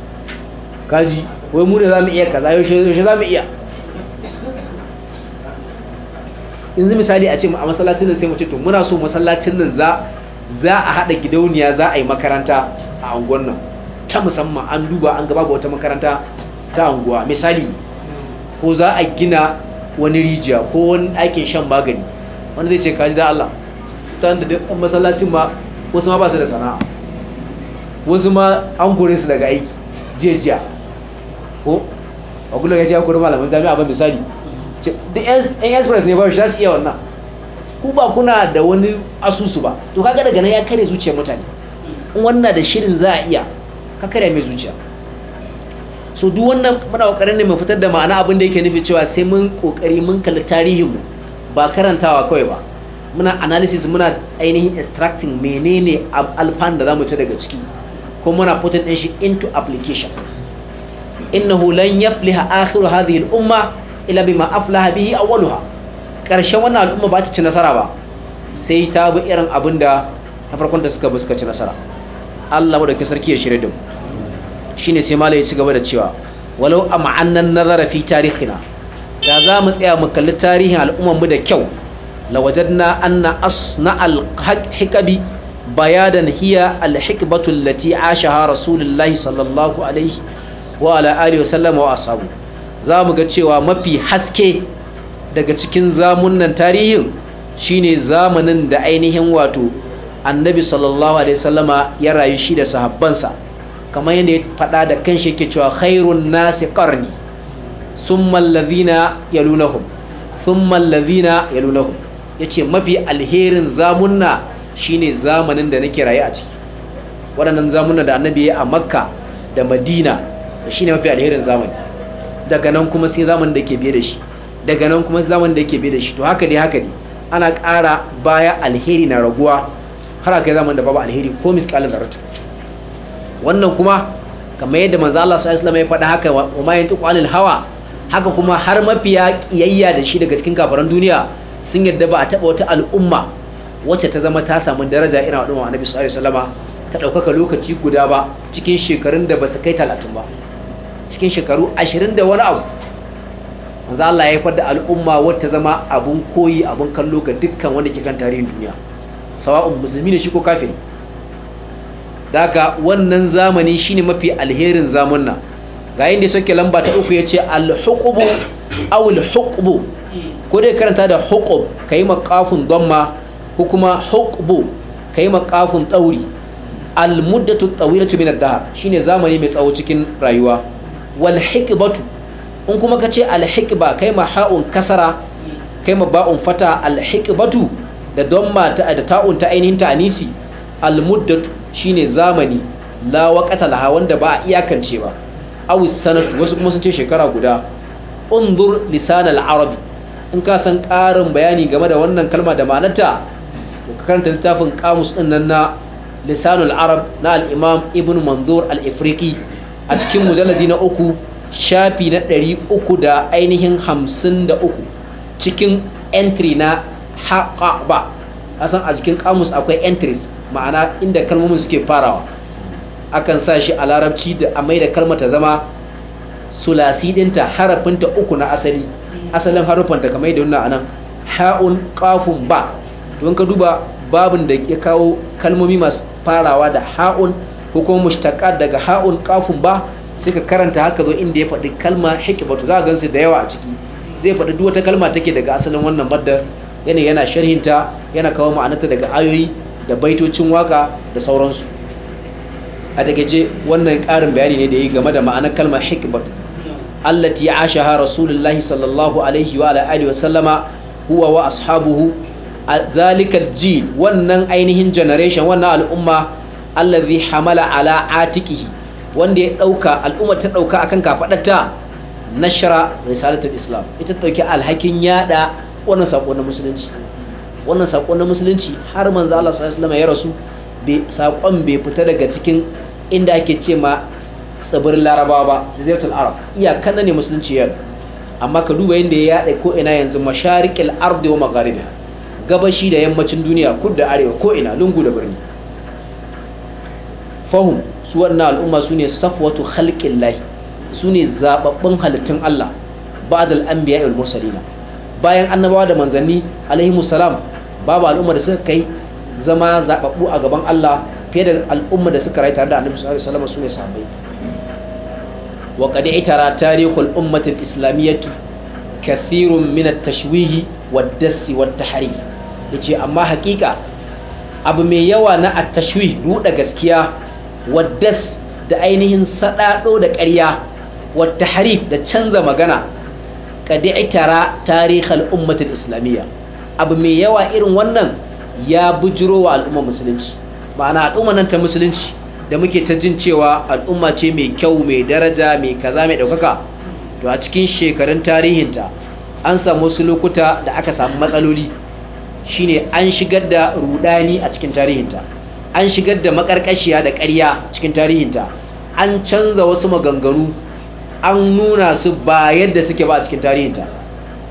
kaji wai mu ne mu iya kaza yaushe mu iya yanzu misali a ce a masallacin nan sai mu ce to muna so masallacin nan za za a haɗa gidauniya za a yi makaranta a angon nan ta musamman an duba an gaba wata makaranta ta anguwa misali ko za a gina wani rijiya ko wani aikin shan magani wanda zai ce kaji da Allah ta da duk masallacin ma wasu ma ba su da sana'a wasu ma an kore su daga aiki jejiya ko a kullum ya ya kore malamin jami'a ban misali da yan express ne ba shi za su iya wannan ku ba kuna da wani asusu ba to kaga daga nan ya kare zuciyar mutane wannan da shirin za a iya ka karya mai zuciya so duk wannan muna kokarin ne mu fitar da ma'ana abin da yake nufi cewa sai mun kokari mun kalli tarihin mu ba karantawa kawai ba muna analysis muna ainihin extracting menene alfan da zamu ci daga ciki ko muna putting din shi into application innahu lan yafliha akhir hadhihi al-umma ila bima aflaha bihi awwaluha karshen wannan al'umma ba ta ci nasara ba sai ta bi irin abinda na farkon da suka bi suka ci nasara Allah madauki sarki ya shirya da Shi ne sai malaye ya ci gaba da cewa walau a ma'annan nazara fi tarihina da za mu tsaya mu kalli tarihin al'ummar da kyau na anna asna al-hikabi bayadan hiya al-hikbatu allati ashaha rasulullahi sallallahu alaihi wa ala alihi wa asabu za mu ga cewa mafi haske daga cikin zamunan tarihin shine zamanin da ainihin wato annabi sallallahu alaihi wasallama ya rayu shi da sahabbansa kamar yadda ya faɗa da kanshi yake cewa khairun nasi qarni thumma alladhina yalunahum thumma alladhina yalunahum yace mafi alherin zamunna shine zamanin da nake rayu a ciki waɗannan zamunna da annabi ya a makka da madina shine mafi alherin zamani daga nan kuma sai zamanin da ke biye da shi daga nan kuma zamanin da ke biye da shi to haka dai haka dai ana ƙara baya alheri na raguwa har aka yi zaman da babu alheri ko miskalin zarratu wannan kuma kamar yadda manzo Allah sallallahu alaihi ya faɗa haka wa ma yantu qalil hawa haka kuma har mafiya kiyayya da shi daga cikin kafaran duniya sun yadda ba a taɓa wata al'umma wacce ta zama ta samu daraja irin al'umma annabi sallallahu alaihi wasallama ta ɗaukaka lokaci guda ba cikin shekarun da ba su kai talatin ba cikin shekaru ashirin da wani abu manzo Allah ya faɗa al'umma al'umma ta zama abun koyi abun kallo ga dukkan wanda ke kan tarihin duniya sawa'un musulmi ne shi ko kafiri daga wannan zamani shine mafi alherin zamunna ga inda soke lamba ta uku ya ce alhukubu aw ko dai karanta da ka yi makafin dhamma ko kuma huqbu kai maqafun ɗauri. al-muddatu tawilatu min ad-dahr shine zamani mai tsawo cikin rayuwa wal hikbatu in kuma ka ce al-hikba kai ma ha'un kasara kai ma ba'un fata al-hikbatu da don mata da ta'un ta ainihin ta'anisi almuddatu shine zamani la waqata laha wanda ba a iyakance ba aw sanatu wasu kuma sun ce shekara guda undur lisan al-arabi in ka san ƙarin bayani game da wannan kalma da ma'anarta ka karanta littafin kamus din nan na al arab na al-imam ibn manzur al-ifriqi a cikin mujalladi na uku shafi na ɗari uku da ainihin hamsin da uku cikin entry na haƙa ba asan a cikin kamus akwai entries ma'ana inda kalmomin suke farawa akan sa shi a larabci da a mai da kalmar ta zama sulasi dinta harafinta uku na asali asalin harufanta kamar da nuna anan ha'un qafun ba don ka duba babin da ya kawo kalmomi masu farawa da ha'un ko kuma mushtaqat daga ha'un qafun ba sai ka karanta haka zo inda ya faɗi kalma hikibatu za a su da yawa a ciki zai faɗi duwata wata kalma take daga asalin wannan baddar yana yana sharhinta yana kawo ma'anarta daga ayoyi da baitocin waka da sauransu a dagaje wannan ƙarin bayani ne da yi game da ma'anar kalmar hikmat allati ashaha rasulullahi sallallahu alaihi wa alihi wa sallama huwa wa ashabuhu zalika wannan ainihin generation wannan al'umma allazi hamala ala atiqihi wanda ya dauka al'umma ta dauka akan kafadarta nashara risalatul islam ita dauki alhakin yada wannan sako na musulunci wannan sako na musulunci har manzo Allah sallallahu alaihi wasallam ya rasu saƙon bai fita daga cikin inda ake ce ma tsibirin larabawa ba jazirtul arab iya kana ne musulunci ya amma ka duba yadda ya yaɗa ko ina yanzu masharikil ardi wa magharibi gabashi da yammacin duniya kud da arewa ko ina lungu da birni fahum su wannan al'umma su ne safwatu khalqin su ne zababbun halittun Allah ba'dal anbiya wal mursalina bayan annabawa da manzanni alaihimu salam babu al'umma da suka kai zama zaɓaɓɓu a gaban Allah fiye da al'umma da suka rayu tare da annabi sallallahu alaihi wasallam su ne sahabbai wa qad itara tarihul ummati al-islamiyyah kathirun min at-tashwih wad-dass hari. tahrif yace amma haƙiƙa abu mai yawa na at-tashwih ruda gaskiya wa dass da ainihin saɗaɗo da ƙarya wat-tahrif da canza magana kadi tara tarihal ummatin islamiyya abu mai yawa irin wannan ya bujiro wa al'ummar musulunci ma'ana al'umma nan ta musulunci da muke ta jin cewa al'umma ce mai kyau mai daraja mai kaza mai ɗaukaka to a cikin shekarun tarihinta an samu wasu lokuta da aka samu matsaloli shine an shigar da rudani a cikin tarihinta an shigar da makarkashiya da ƙarya cikin tarihinta an canza wasu maganganu an nuna su ba yadda suke ba a cikin tarihinta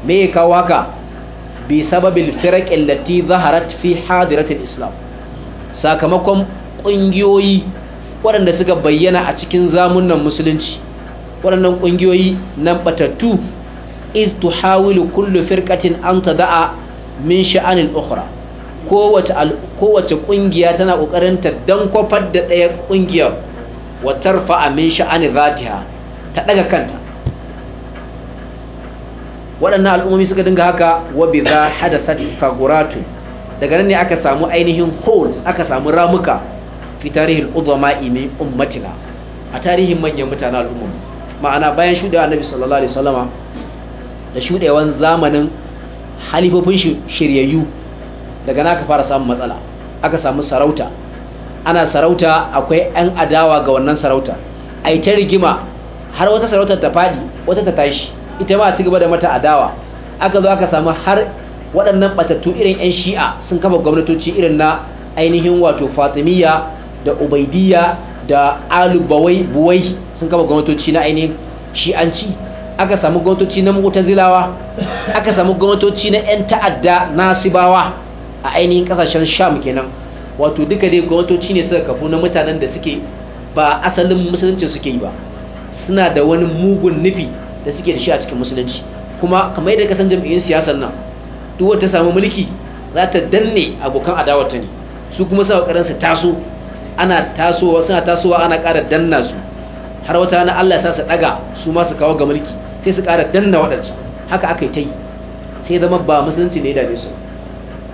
me ya kawo haka bi sababil firaqin lati zaharat fi hadiratil islam sakamakon ƙungiyoyi waɗanda suka bayyana a cikin zamunan musulunci waɗannan ƙungiyoyi na batattu to hawilu kullu firkatin an da'a min sha'anin ukura kowace ƙungiya tana ƙoƙarin ta dan kwafar da ɗaya ƙungiyar wa tarfa'a min sha'ani zatiha ta ɗaga kanta waɗannan al'ummomi suka dinga haka wa bi za faguratu daga nan ne aka samu ainihin holes aka samu ramuka fi tarihin uzama'i imi ummatina a tarihin manyan mutane al'umma ma'ana bayan shuɗe wa nabi sallallahu alaihi wasallama da shuɗewan zamanin halifofin shiryayyu daga nan aka fara samun matsala aka samu sarauta ana sarauta akwai 'yan adawa ga wannan sarauta a yi ta rigima har wata sarautar ta fadi wata ta tashi ita ma ci cigaba da mata adawa aka zo aka samu har waɗannan batattu irin 'yan shi'a sun kafa gwamnatoci irin na ainihin wato fatimiyya da ubaidiyya da alubawai buwai sun kafa gwamnatoci na ainihin shi'anci aka samu gwamnatoci na mutazilawa aka samu gwamnatoci na 'yan ta'adda nasibawa a ainihin kasashen sham kenan wato duka dai gwamnatoci ne suka kafu na mutanen da suke ba asalin musulunci suke yi ba suna da wani mugun nufi da suke da shi a cikin musulunci kuma kamar yadda kasan jam'iyyun siyasar nan duk wata samu mulki za ta danne abokan adawarta ne su kuma sa kokarin su taso ana tasowa suna tasowa ana ƙara danna su har wata rana Allah ya sa su daga su ma su kawo ga mulki sai su ƙara danna waɗansu haka aka yi ta yi sai zama ba musulunci ne da ne su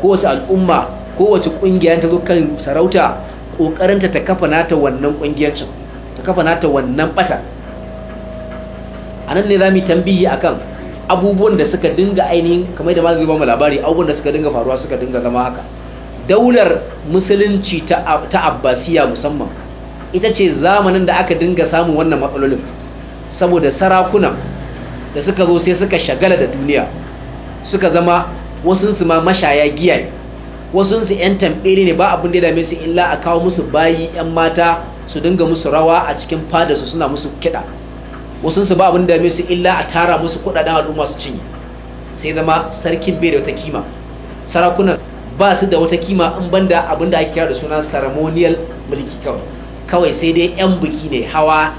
kowace al'umma kowace ƙungiya ta zo kan sarauta ƙoƙarinta ta kafa nata wannan ƙungiyancin ta kafa nata wannan ɓata. A nan ne za mu zamu a kan abubuwan da suka dinga ainihin kamar da malamin mu labari abubuwan da suka dinga faruwa suka dinga zama haka daular musulunci ta ta abbasiya musamman ita ce zamanin da aka dinga samun wannan matsalolin saboda sarakuna da suka zo sai suka shagala da duniya suka zama wasunsu ma mashaya giya ne wasunsu 'yan tamɓere ne ba abin da ya dame su illa a kawo musu bayi 'yan mata su dinga musu rawa a cikin fada su suna musu kiɗa wasu su ba abin da su illa a tara musu kudaden al'umma su cinye sai zama sarkin bai da wata kima sarakunan ba su da wata kima in banda abin da ake kira da suna ceremonial mulki kawai kawai sai dai yan biki ne hawa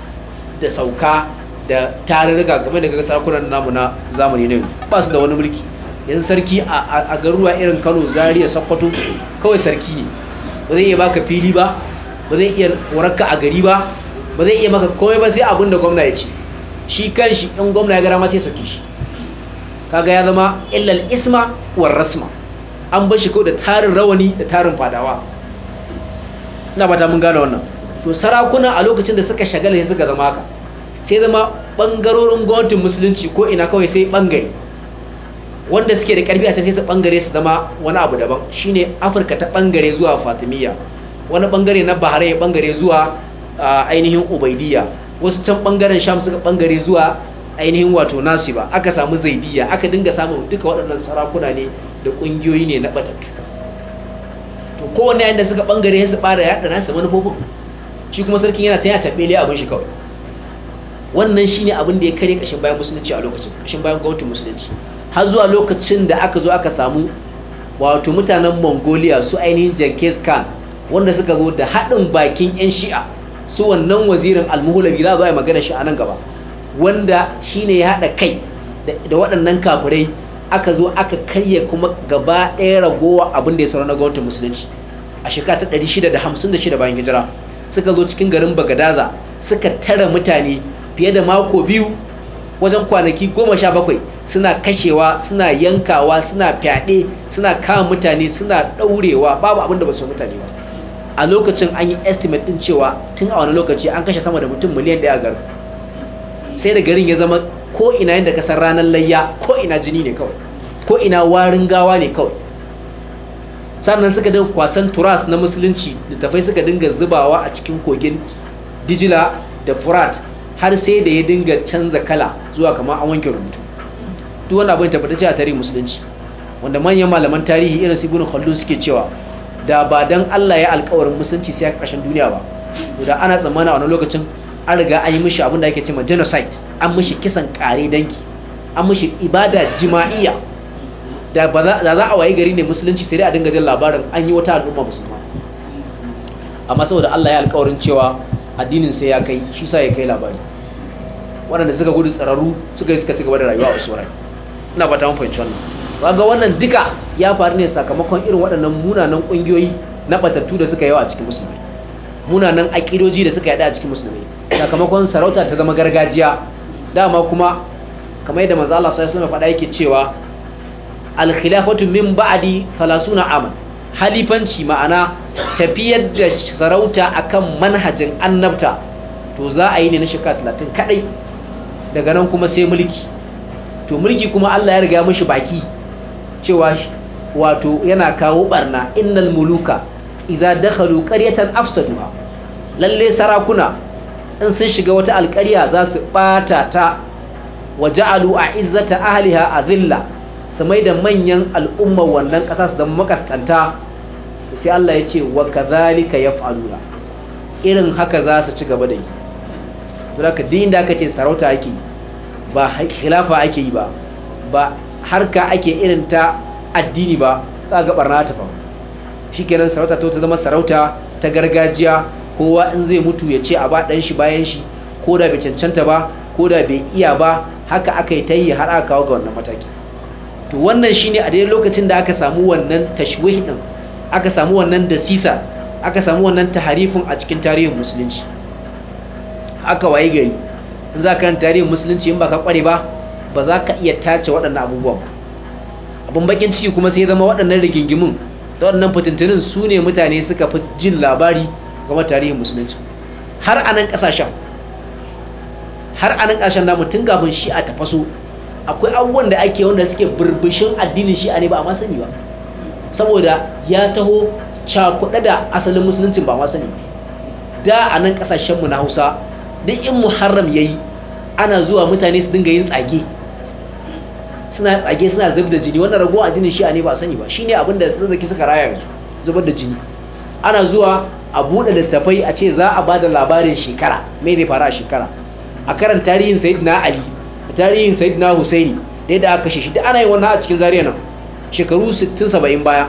da sauka da tarurruka game da ga sarakunan namu na zamani na yanzu ba su da wani mulki Yan sarki a garuwa irin kano zaria sokoto kawai sarki ne ba zai iya baka fili ba ba zai iya waraka a gari ba ba zai iya maka komai ba sai abin da gwamna ya ce shi kanshi shi in gwamna ya gara ma sai sauke shi kaga ya zama illal isma war rasma an bar shi ko da tarin rawani da tarin fadawa ina ba mun gane wannan to sarakuna a lokacin da suka shagala sai suka zama haka sai zama bangarorin gwamnatin musulunci ko ina kawai sai bangare wanda suke da karfi a can sai su bangare su zama wani abu daban shine afirka ta bangare zuwa fatimiyya wani bangare na bahrain bangare zuwa ah, ainihin ubaidiyya wasu can ɓangaren sham suka ɓangare zuwa ainihin wato nasu ba aka samu zaidiya aka dinga samun duka waɗannan sarakuna ne da ƙungiyoyi ne na ɓatattu to kowanne yayin da suka ɓangare su ɓara yaɗa nasu manufofin shi kuma sarkin yana ta yana taɓele abin shi kawai wannan shine abin da ya kare ƙashin bayan musulunci a lokacin ƙashin bayan gwamnatin musulunci har zuwa lokacin da aka zo aka samu wato mutanen mongolia su ainihin jenkins khan wanda suka zo da haɗin bakin 'yan shi'a su wannan wazirin almuhulabi za a zo a magana shi a nan gaba wanda shi ne ya haɗa kai da waɗannan kafirai aka zo aka karya kuma gaba ɗaya ragowa abin da ya sauran na gwamnatin musulunci a shekara ta 656 bayan hijira suka zo cikin garin bagadaza suka tara mutane fiye da mako biyu wajen kwanaki goma sha bakwai suna kashewa suna yankawa suna fyaɗe suna kama mutane suna ɗaurewa babu abin da ba su mutane ba a lokacin an yi estimate din cewa tun a wani lokaci an kashe sama da mutum miliyan ɗaya a garin sai da garin ya zama ko ina yadda kasar ranar layya ko ina jini ne kawai ko ina warin gawa ne kawai sannan suka dinga kwasan turas na musulunci da tafai suka dinga zubawa a cikin kogin dijila da furat har sai da ya dinga canza kala zuwa kama an wanke rubutu duk wani abin tabbatacce a tarihin musulunci wanda manyan malaman tarihi irin su ibn khaldun suke cewa da ba don Allah ya alkawarin musulunci sai a ƙarshen duniya ba da ana tsammana a wani lokacin an riga an yi mishi abin da ake cewa genocide an mishi kisan kare dangi an mishi ibada jima'iya. da za a wayi gari ne musulunci sai dai a dinga jin labarin an yi wata al'umma musulma amma saboda Allah ya alƙawarin cewa addinin sai ya kai shi sa ya kai labari waɗanda suka gudu tsararru suka yi suka ci gaba da rayuwa a wasu wurare ina ba ta mun fahimci wannan ga wannan duka ya faru ne sakamakon irin waɗannan munanan ƙungiyoyi na batattu da suka yawa a cikin musulmi munanan aƙidoji da suka yaɗa a cikin musulmi sakamakon sarauta ta zama gargajiya dama kuma kamar yadda manzo Allah sallallahu alaihi wasallam faɗa cewa al khilafatu min ba'di 30 aman halifanci ma'ana tafiyar da sarauta akan manhajin annabta to za a yi ne na shekara 30 kadai daga nan kuma sai mulki to mulki kuma Allah ya riga mishi baki cewa wato yana kawo barna innal muluka iza dakhalu qaryatan afsaduha lalle sarakuna in sun shiga wata alƙarya za su bata ta waja'alu a'izzata ahliha adilla su mai da manyan al'umma wannan ƙasa su zama makaskanta sai Allah ya ce wa kadhalika yaf'aluna irin haka za su ci gaba da yi don haka din da sarauta ake ba khilafa ake yi ba ba harka ake irin ta addini ba za ga barna ta fa shikenan sarauta ta zama sarauta ta gargajiya kowa in zai mutu ya ce a ba dan shi bayan shi ko da bai cancanta ba ko da bai iya ba haka aka yi ta yi har aka kawo ga wannan mataki to wannan shine a daidai lokacin da aka samu wannan tashwih din aka samu wannan dasisa aka samu wannan taharifin a cikin tarihin musulunci aka waye gari in za ka tarihin musulunci in ba ka kware ba ba za ka iya tace waɗannan abubuwan ba abin bakin ciki kuma sai zama waɗannan rigingimin da waɗannan fitintunin su ne mutane suka fi jin labari game tarihin musulunci har a nan ƙasashen har a nan ƙasashen namu tun kafin shi a tafaso akwai abubuwan da ake wanda suke burbushin addinin shi a ne ba a masani ba saboda ya taho cakuɗa da asalin musuluncin ba a masani da a nan ƙasashenmu na hausa duk in muharram ya yi ana zuwa mutane su dinga yin tsage suna tsage suna zub da jini wannan ragowa addinin shi'a ne ba sani ba shine abin da sun zaki suka raya yanzu zubar da jini ana zuwa a buɗe littafai a ce za a ba da labarin shekara mai ne faru a shekara a karan tarihin sayyidina ali a tarihin sayyidina husaini da yadda aka kashe shi duk ana yin wannan a cikin zariya nan shekaru 60 70 baya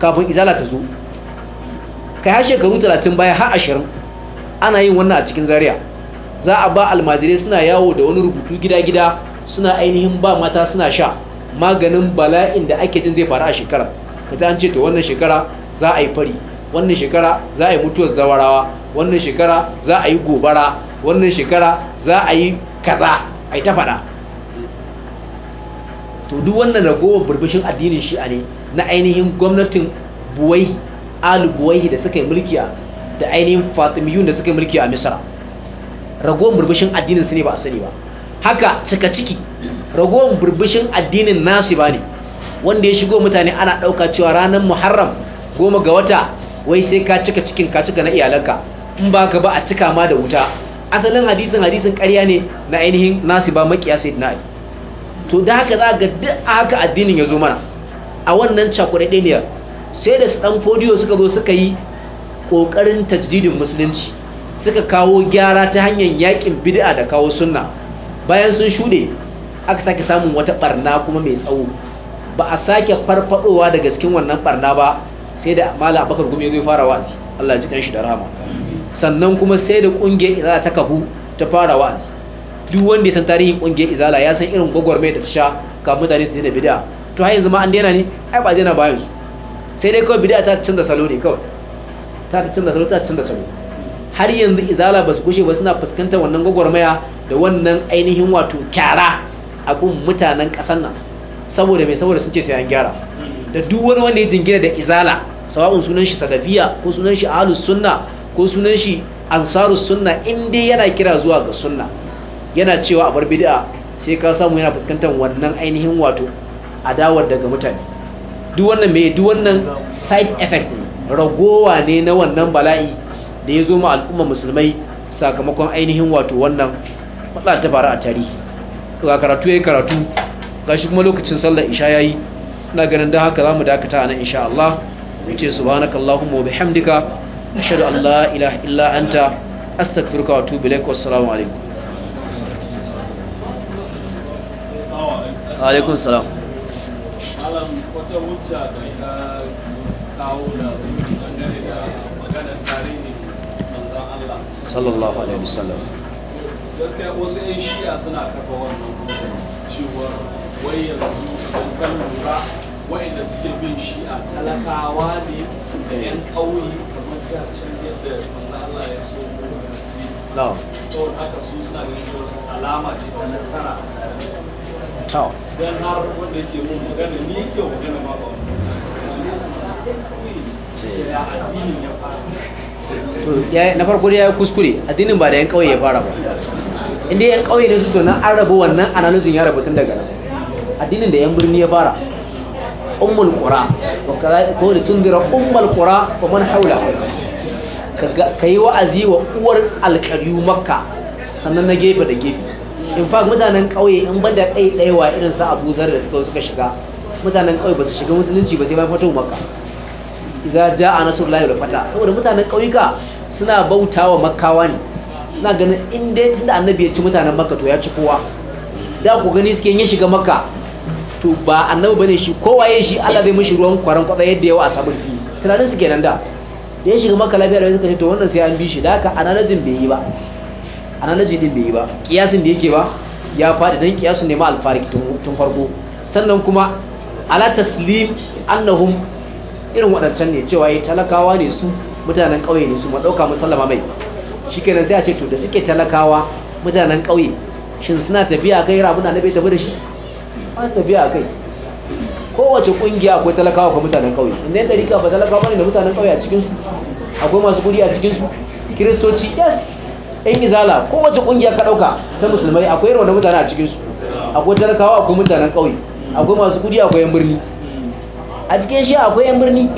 kafin izala ta zo kai har shekaru 30 baya har 20 ana yin wannan a cikin zariya za a ba almajirai suna yawo da wani rubutu gida-gida suna ainihin ba mata suna sha maganin bala'in da ake jin zai faru a shekara ta an ce to wannan shekara za a yi fari wannan shekara za a yi mutuwar zawarawa wannan shekara za a yi gobara wannan shekara za a yi kaza a yi ta faɗa to duk wannan ragowar burbushin addinin shi'a ne na ainihin gwamnatin buwai alu buwai da suka yi mulki a da ainihin fatimiyun da suka yi mulki a misra ragowar burbushin addinin su ne ba a sani ba haka cika ciki ragowar burbushin addinin nasu ba ne wanda ya shigo mutane ana ɗauka cewa ranar muharram goma ga wata wai sai ka cika cikin ka cika na iyalanka in ba ka ba a cika ma da wuta asalin hadisin hadisin ƙarya ne na ainihin nasu ba makiya sai na to da haka za ga duk a haka addinin ya zo mana a wannan cakuɗaɗɗeniyar sai da su ɗan fodiyo suka zo suka yi ƙoƙarin tajdidin musulunci suka kawo gyara ta hanyar yakin bid'a da kawo sunna bayan sun shuɗe aka sake samun wata barna kuma mai tsawo ba a sake farfadowa daga cikin wannan barna ba sai da mala abakar gumi zai fara wazi Allah ji shi da rahama sannan kuma sai da kungiyar izala ta kahu ta fara wazi duk wanda ya san tarihin kungiyar izala ya san irin gwagwarmai da ta sha ga mutane su daina bid'a to har yanzu ma an daina ne ai ba daina bayan su sai dai kawai bid'a ta canza salo ne kawai ta ta canza salo ta canza salo har yanzu izala ba su kushe ba suna fuskantar wannan gwagwarmaya da wannan ainihin wato kyara a kun mutanen ƙasar nan saboda mai saboda sun ce sai an gyara da duk wani wanda ya jingina da izala sawa'un sunan shi salafiya ko sunan shi ahlus sunna ko sunan shi ansarus sunna in dai yana kira zuwa ga sunna yana cewa a bar bid'a sai ka samu yana fuskantar wannan ainihin wato adawar daga mutane duk wannan mai duk wannan side effect ne ragowa ne na wannan bala'i da ya zo ma al'umma musulmai sakamakon ainihin wato wannan matsala ta faru a tarihi ga karatu yayi karatu gashi kuma lokacin sallar isha yayi ina ganin da haka zamu dakata nan insha Allah mu ce subhanakallahumma wa bihamdika ashhadu an la ilaha illa anta astaghfiruka wa atubu ilaik wassalamu alaikum alaikun salam alam wata hujja da ita kawo da dangane tarihi sallallahu alaihi wasallam gaskiya wasu yan shi'a suna kafa wannan cewa wai yanzu idan kan lura wa'inda suke bin shi'a talakawa ne da yan ƙauye kamar da can yadda Allah ya so mu yi. saboda haka su suna ganin alama ce ta nasara to dan har wanda yake mun magana ni yake magana ma ba ya addini ya fara na farko dai ya kuskure addinin ba da yan kauye ya fara ba inda yan kauye ne su to nan an rabu wannan analysis ya rabu tun daga nan addinin da yan birni ya fara ummul qura wa ko da tundira ummul qura wa man haula ka yi wa'azi wa uwar alƙaryu makka sannan na gefe da gefe in fact mutanen ƙauye in banda wa irin sa abu da suka suka shiga mutanen ƙauye ba su shiga musulunci ba sai bayan fito makka iza ja'a nasrullahi da fata saboda mutanen ƙauyuka suna bautawa makawa ne suna ganin inda tunda annabi ya ci mutanen makka to ya ci kowa da ku gani suke yin shiga makka to ba annabi bane shi kowa ya shi Allah zai mishi ruwan kwaran kwada yadda yawa a sabon fili tunanin su kenan da da ya shiga makka lafiya da suka ce to wannan sai an bi shi da haka analogin bai yi ba analogin din bai yi ba kiyasin da yake ba ya faɗi dan kiyasin ne ma alfariki tun farko sannan kuma ala taslim annahum irin waɗancan ne cewa yi talakawa ne su mutanen ƙauye ne su maɗauka musallama mai shi kenan sai a ce to da suke talakawa mutanen ƙauye shin suna tafiya a kai rabu na nabe tafi da shi ba su tafiya a kai kowace ƙungiya akwai talakawa ga mutanen ƙauye inda yadda rika ba talakawa ne da mutanen ƙauye a cikinsu akwai masu kuɗi a cikinsu kiristoci yes yan izala kowace ƙungiya ka ɗauka ta musulmai akwai irin mutane a cikinsu akwai talakawa akwai mutanen ƙauye akwai masu kuɗi akwai yan birni a cikin shi akwai yan birni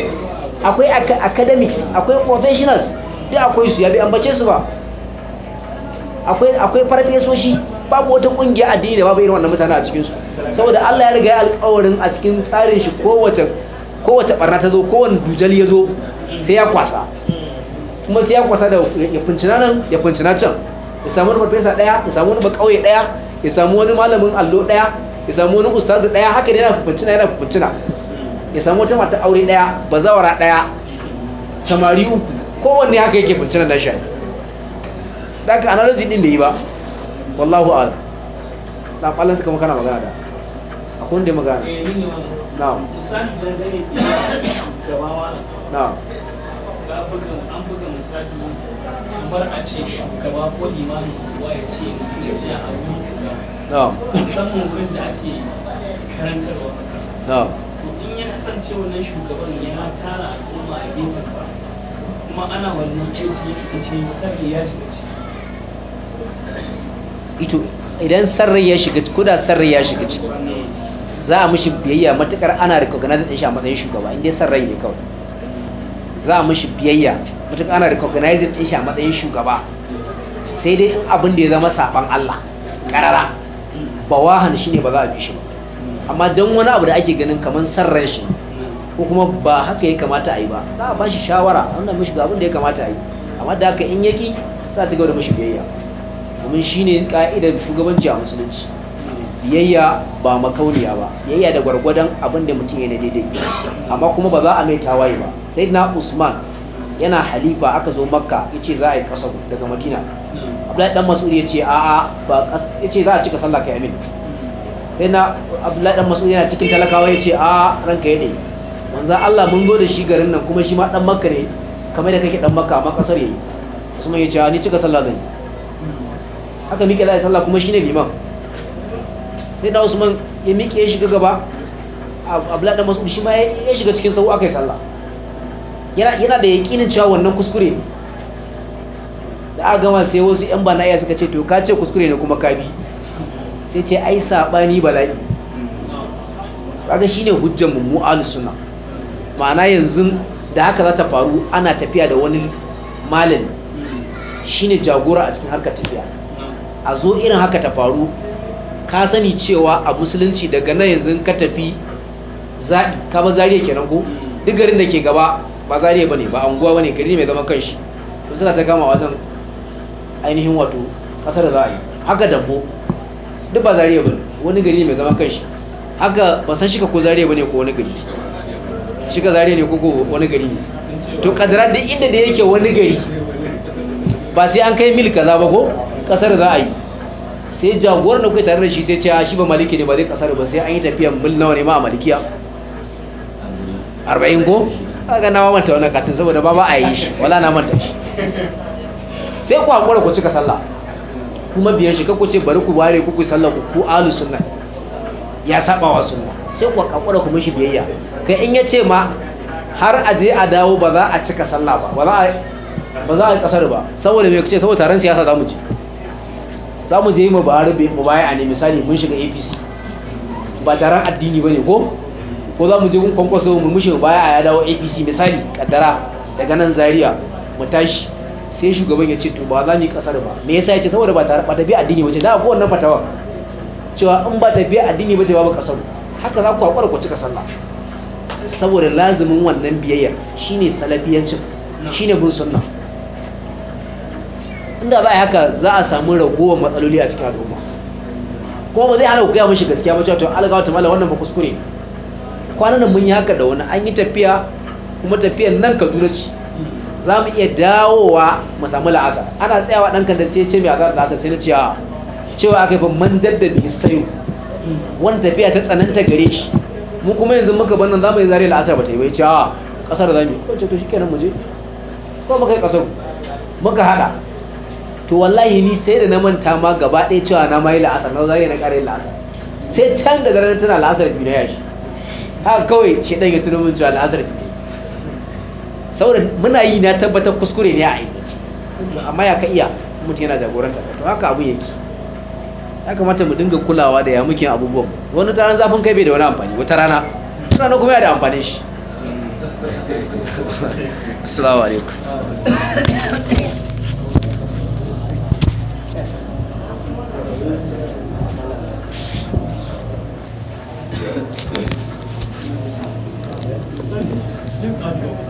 akwai academics akwai professionals duk akwai su ya bi ambace su ba akwai akwai farfesoshi babu wata kungiya addini da babu irin wannan mutane a cikin su saboda Allah ya riga ya alƙawarin a cikin tsarin shi kowace kowace barna ta zo kowane dujal ya zo sai ya kwasa kuma sai ya kwasa da ya fincina nan ya fincina can ya samu wani farfesa ɗaya ya samu wani bakauye ɗaya ya samu wani malamin allo ɗaya ya samu wani ustazi ɗaya haka ne yana fincina yana fincina ya samu wata mata aure daya zawara daya samari uku kowanne haka yake bincinan dan shayi da aka analogy din da yi ba wallahu ala na falon suka makana magana da akwai wanda ya magana eh, na misali dangane da gabawa na an buga misali kamar a ce shugaba ko limanin kuwa ya ce mutum ya fiya a wuri kaza musamman wurin da ake karantarwa in ya kasance wannan shugaban ya tara al'umma a gefensa kuma ana wannan aiki ya kasance sarri ya shiga ciki ito idan sarri ya shiga ciki kuda sarri ya shiga ciki za a mishi biyayya matukar ana recognize din shi a matsayin shugaba in dai sarri ne kawai za a mishi biyayya matukar ana recognize din shi a matsayin shugaba sai dai abin da ya zama saban Allah karara bawahan shine ba za a bi shi ba amma don wani abu da ake ganin kamar san ran shi ko kuma ba haka ya kamata a yi ba za a ba shi shawara a nuna mishi ga abin da ya kamata a yi amma da haka in yaki za ci gaba da mishi biyayya domin shine ka'idar shugabanci a musulunci biyayya ba makauniya ba biyayya da gwargwadon abin da mutum na daidai amma kuma ba za a mai tawaye ba sai na usman yana halifa aka zo makka ya ce za a yi kasar daga madina abdullahi dan mas'ud ya ce a'a ya ce za a cika sallah kai amin sai na abdullahi dan mas'ud yana cikin talakawa ya ce a ranka ya ne manzo Allah mun zo da shi garin nan kuma shi ma dan makka ne kamar da kake dan makka amma kasar yayi usman ya ce ni cika sallah gani haka miƙe za a yi sallah kuma shine liman sai da usman ya miƙe ya shiga gaba abdullahi dan mas'ud shi ma ya shiga cikin sau aka yi sallah yana da yakinin cewa wannan kuskure da aka gama sai wasu yan bana iya suka ce to ka ce kuskure ne kuma ka bi sai ce ai sabani bala'i kaga shine hujjar mu mu'alu sunna ma'ana yanzu da haka za ta faru ana tafiya da wani malami shine jagora a cikin harkar tafiya a zo irin haka ta faru ka sani cewa a musulunci daga nan yanzu ka tafi zaɓi ka ba zariya kenan ko duk garin da ke gaba ba zariya bane ba anguwa bane gari ne mai zaman kanshi to suna ta gama wajen ainihin wato kasar da za a yi haka dambo duk ba zariya ba wani gari mai zama kanshi haka ba san shika ko zariya ba ne ko wani gari shika zariya ne ko ko wani gari ne to kadara duk inda da yake wani gari ba sai an kai mil kaza ba ko kasar za a yi sai jagoran da kai tare da shi sai ce ah, shi ba maliki ne ba zai kasar ba sai an yi tafiya mil nawa ne ma a malikiya arba'in ko aka na manta wannan katin saboda ba ba a yi shi wala na manta shi sai ku haƙura ku cika sallah kuma biyan shi kakwace bari ku ware kuku sallar ku ku alu suna ya saba wa suna sai ku kakura ku mishi biyayya kai in ya ce ma har a je a dawo ba za a cika sallah ba ba za a yi kasar ba saboda me kace saboda taron siyasa za mu je za mu je mu bayar mu baya a ne misali mun shiga APC ba taron addini bane ko ko za mu je kun kwankwaso mu mishi baya a ya dawo APC misali kaddara daga nan Zaria mu tashi sai shugaban ya ce to ba za mu yi kasar ba me yasa ya ce saboda ba ta tafi addini ba ce da ko wannan fatawa cewa in ba tafi addini ba ce babu kasar haka za ku kwakwara ku cika sallah saboda lazimin wannan biyayya shine salafiyanci shine bin sunna inda ba haka za a samu ragowar matsaloli a cikin al'umma kuma ba zai hana ku gaya shi gaskiya ba cewa to algawa ta mala wannan ba kuskure kwanan mun yi haka da wani an yi tafiya kuma tafiyan nan kaduna ce za mu iya dawowa mu samu la'asar ana tsayawa ɗan kan da sai ce mai azar la'asar sai na cewa cewa aka yi man jaddadi sayo wani tafiya ta tsananta gare shi mu kuma yanzu muka bannan za mu yi zare la'asar ba ta yi bai cewa ƙasar za mu yi ko to shi kenan muje? ko muka yi ƙasar muka haɗa to wallahi ni sai da na manta ma gaba ɗaya cewa na ma yi la'asar na zare na ƙara yi la'asar sai can da zarar tana la'asar biyu na yashi haka kawai shi ɗan ya tuno min cewa la'asar biyu saboda muna yi na tabbatar kuskure ne a aikace amma ya ka iya mutum yana jagoranta to haka abu yake ya kamata mu dinga kulawa da ya muke abubuwan wani taron zafin kai bai da wani amfani wata rana wata rana kuma ya da amfanin shi assalamu alaikum Thank you.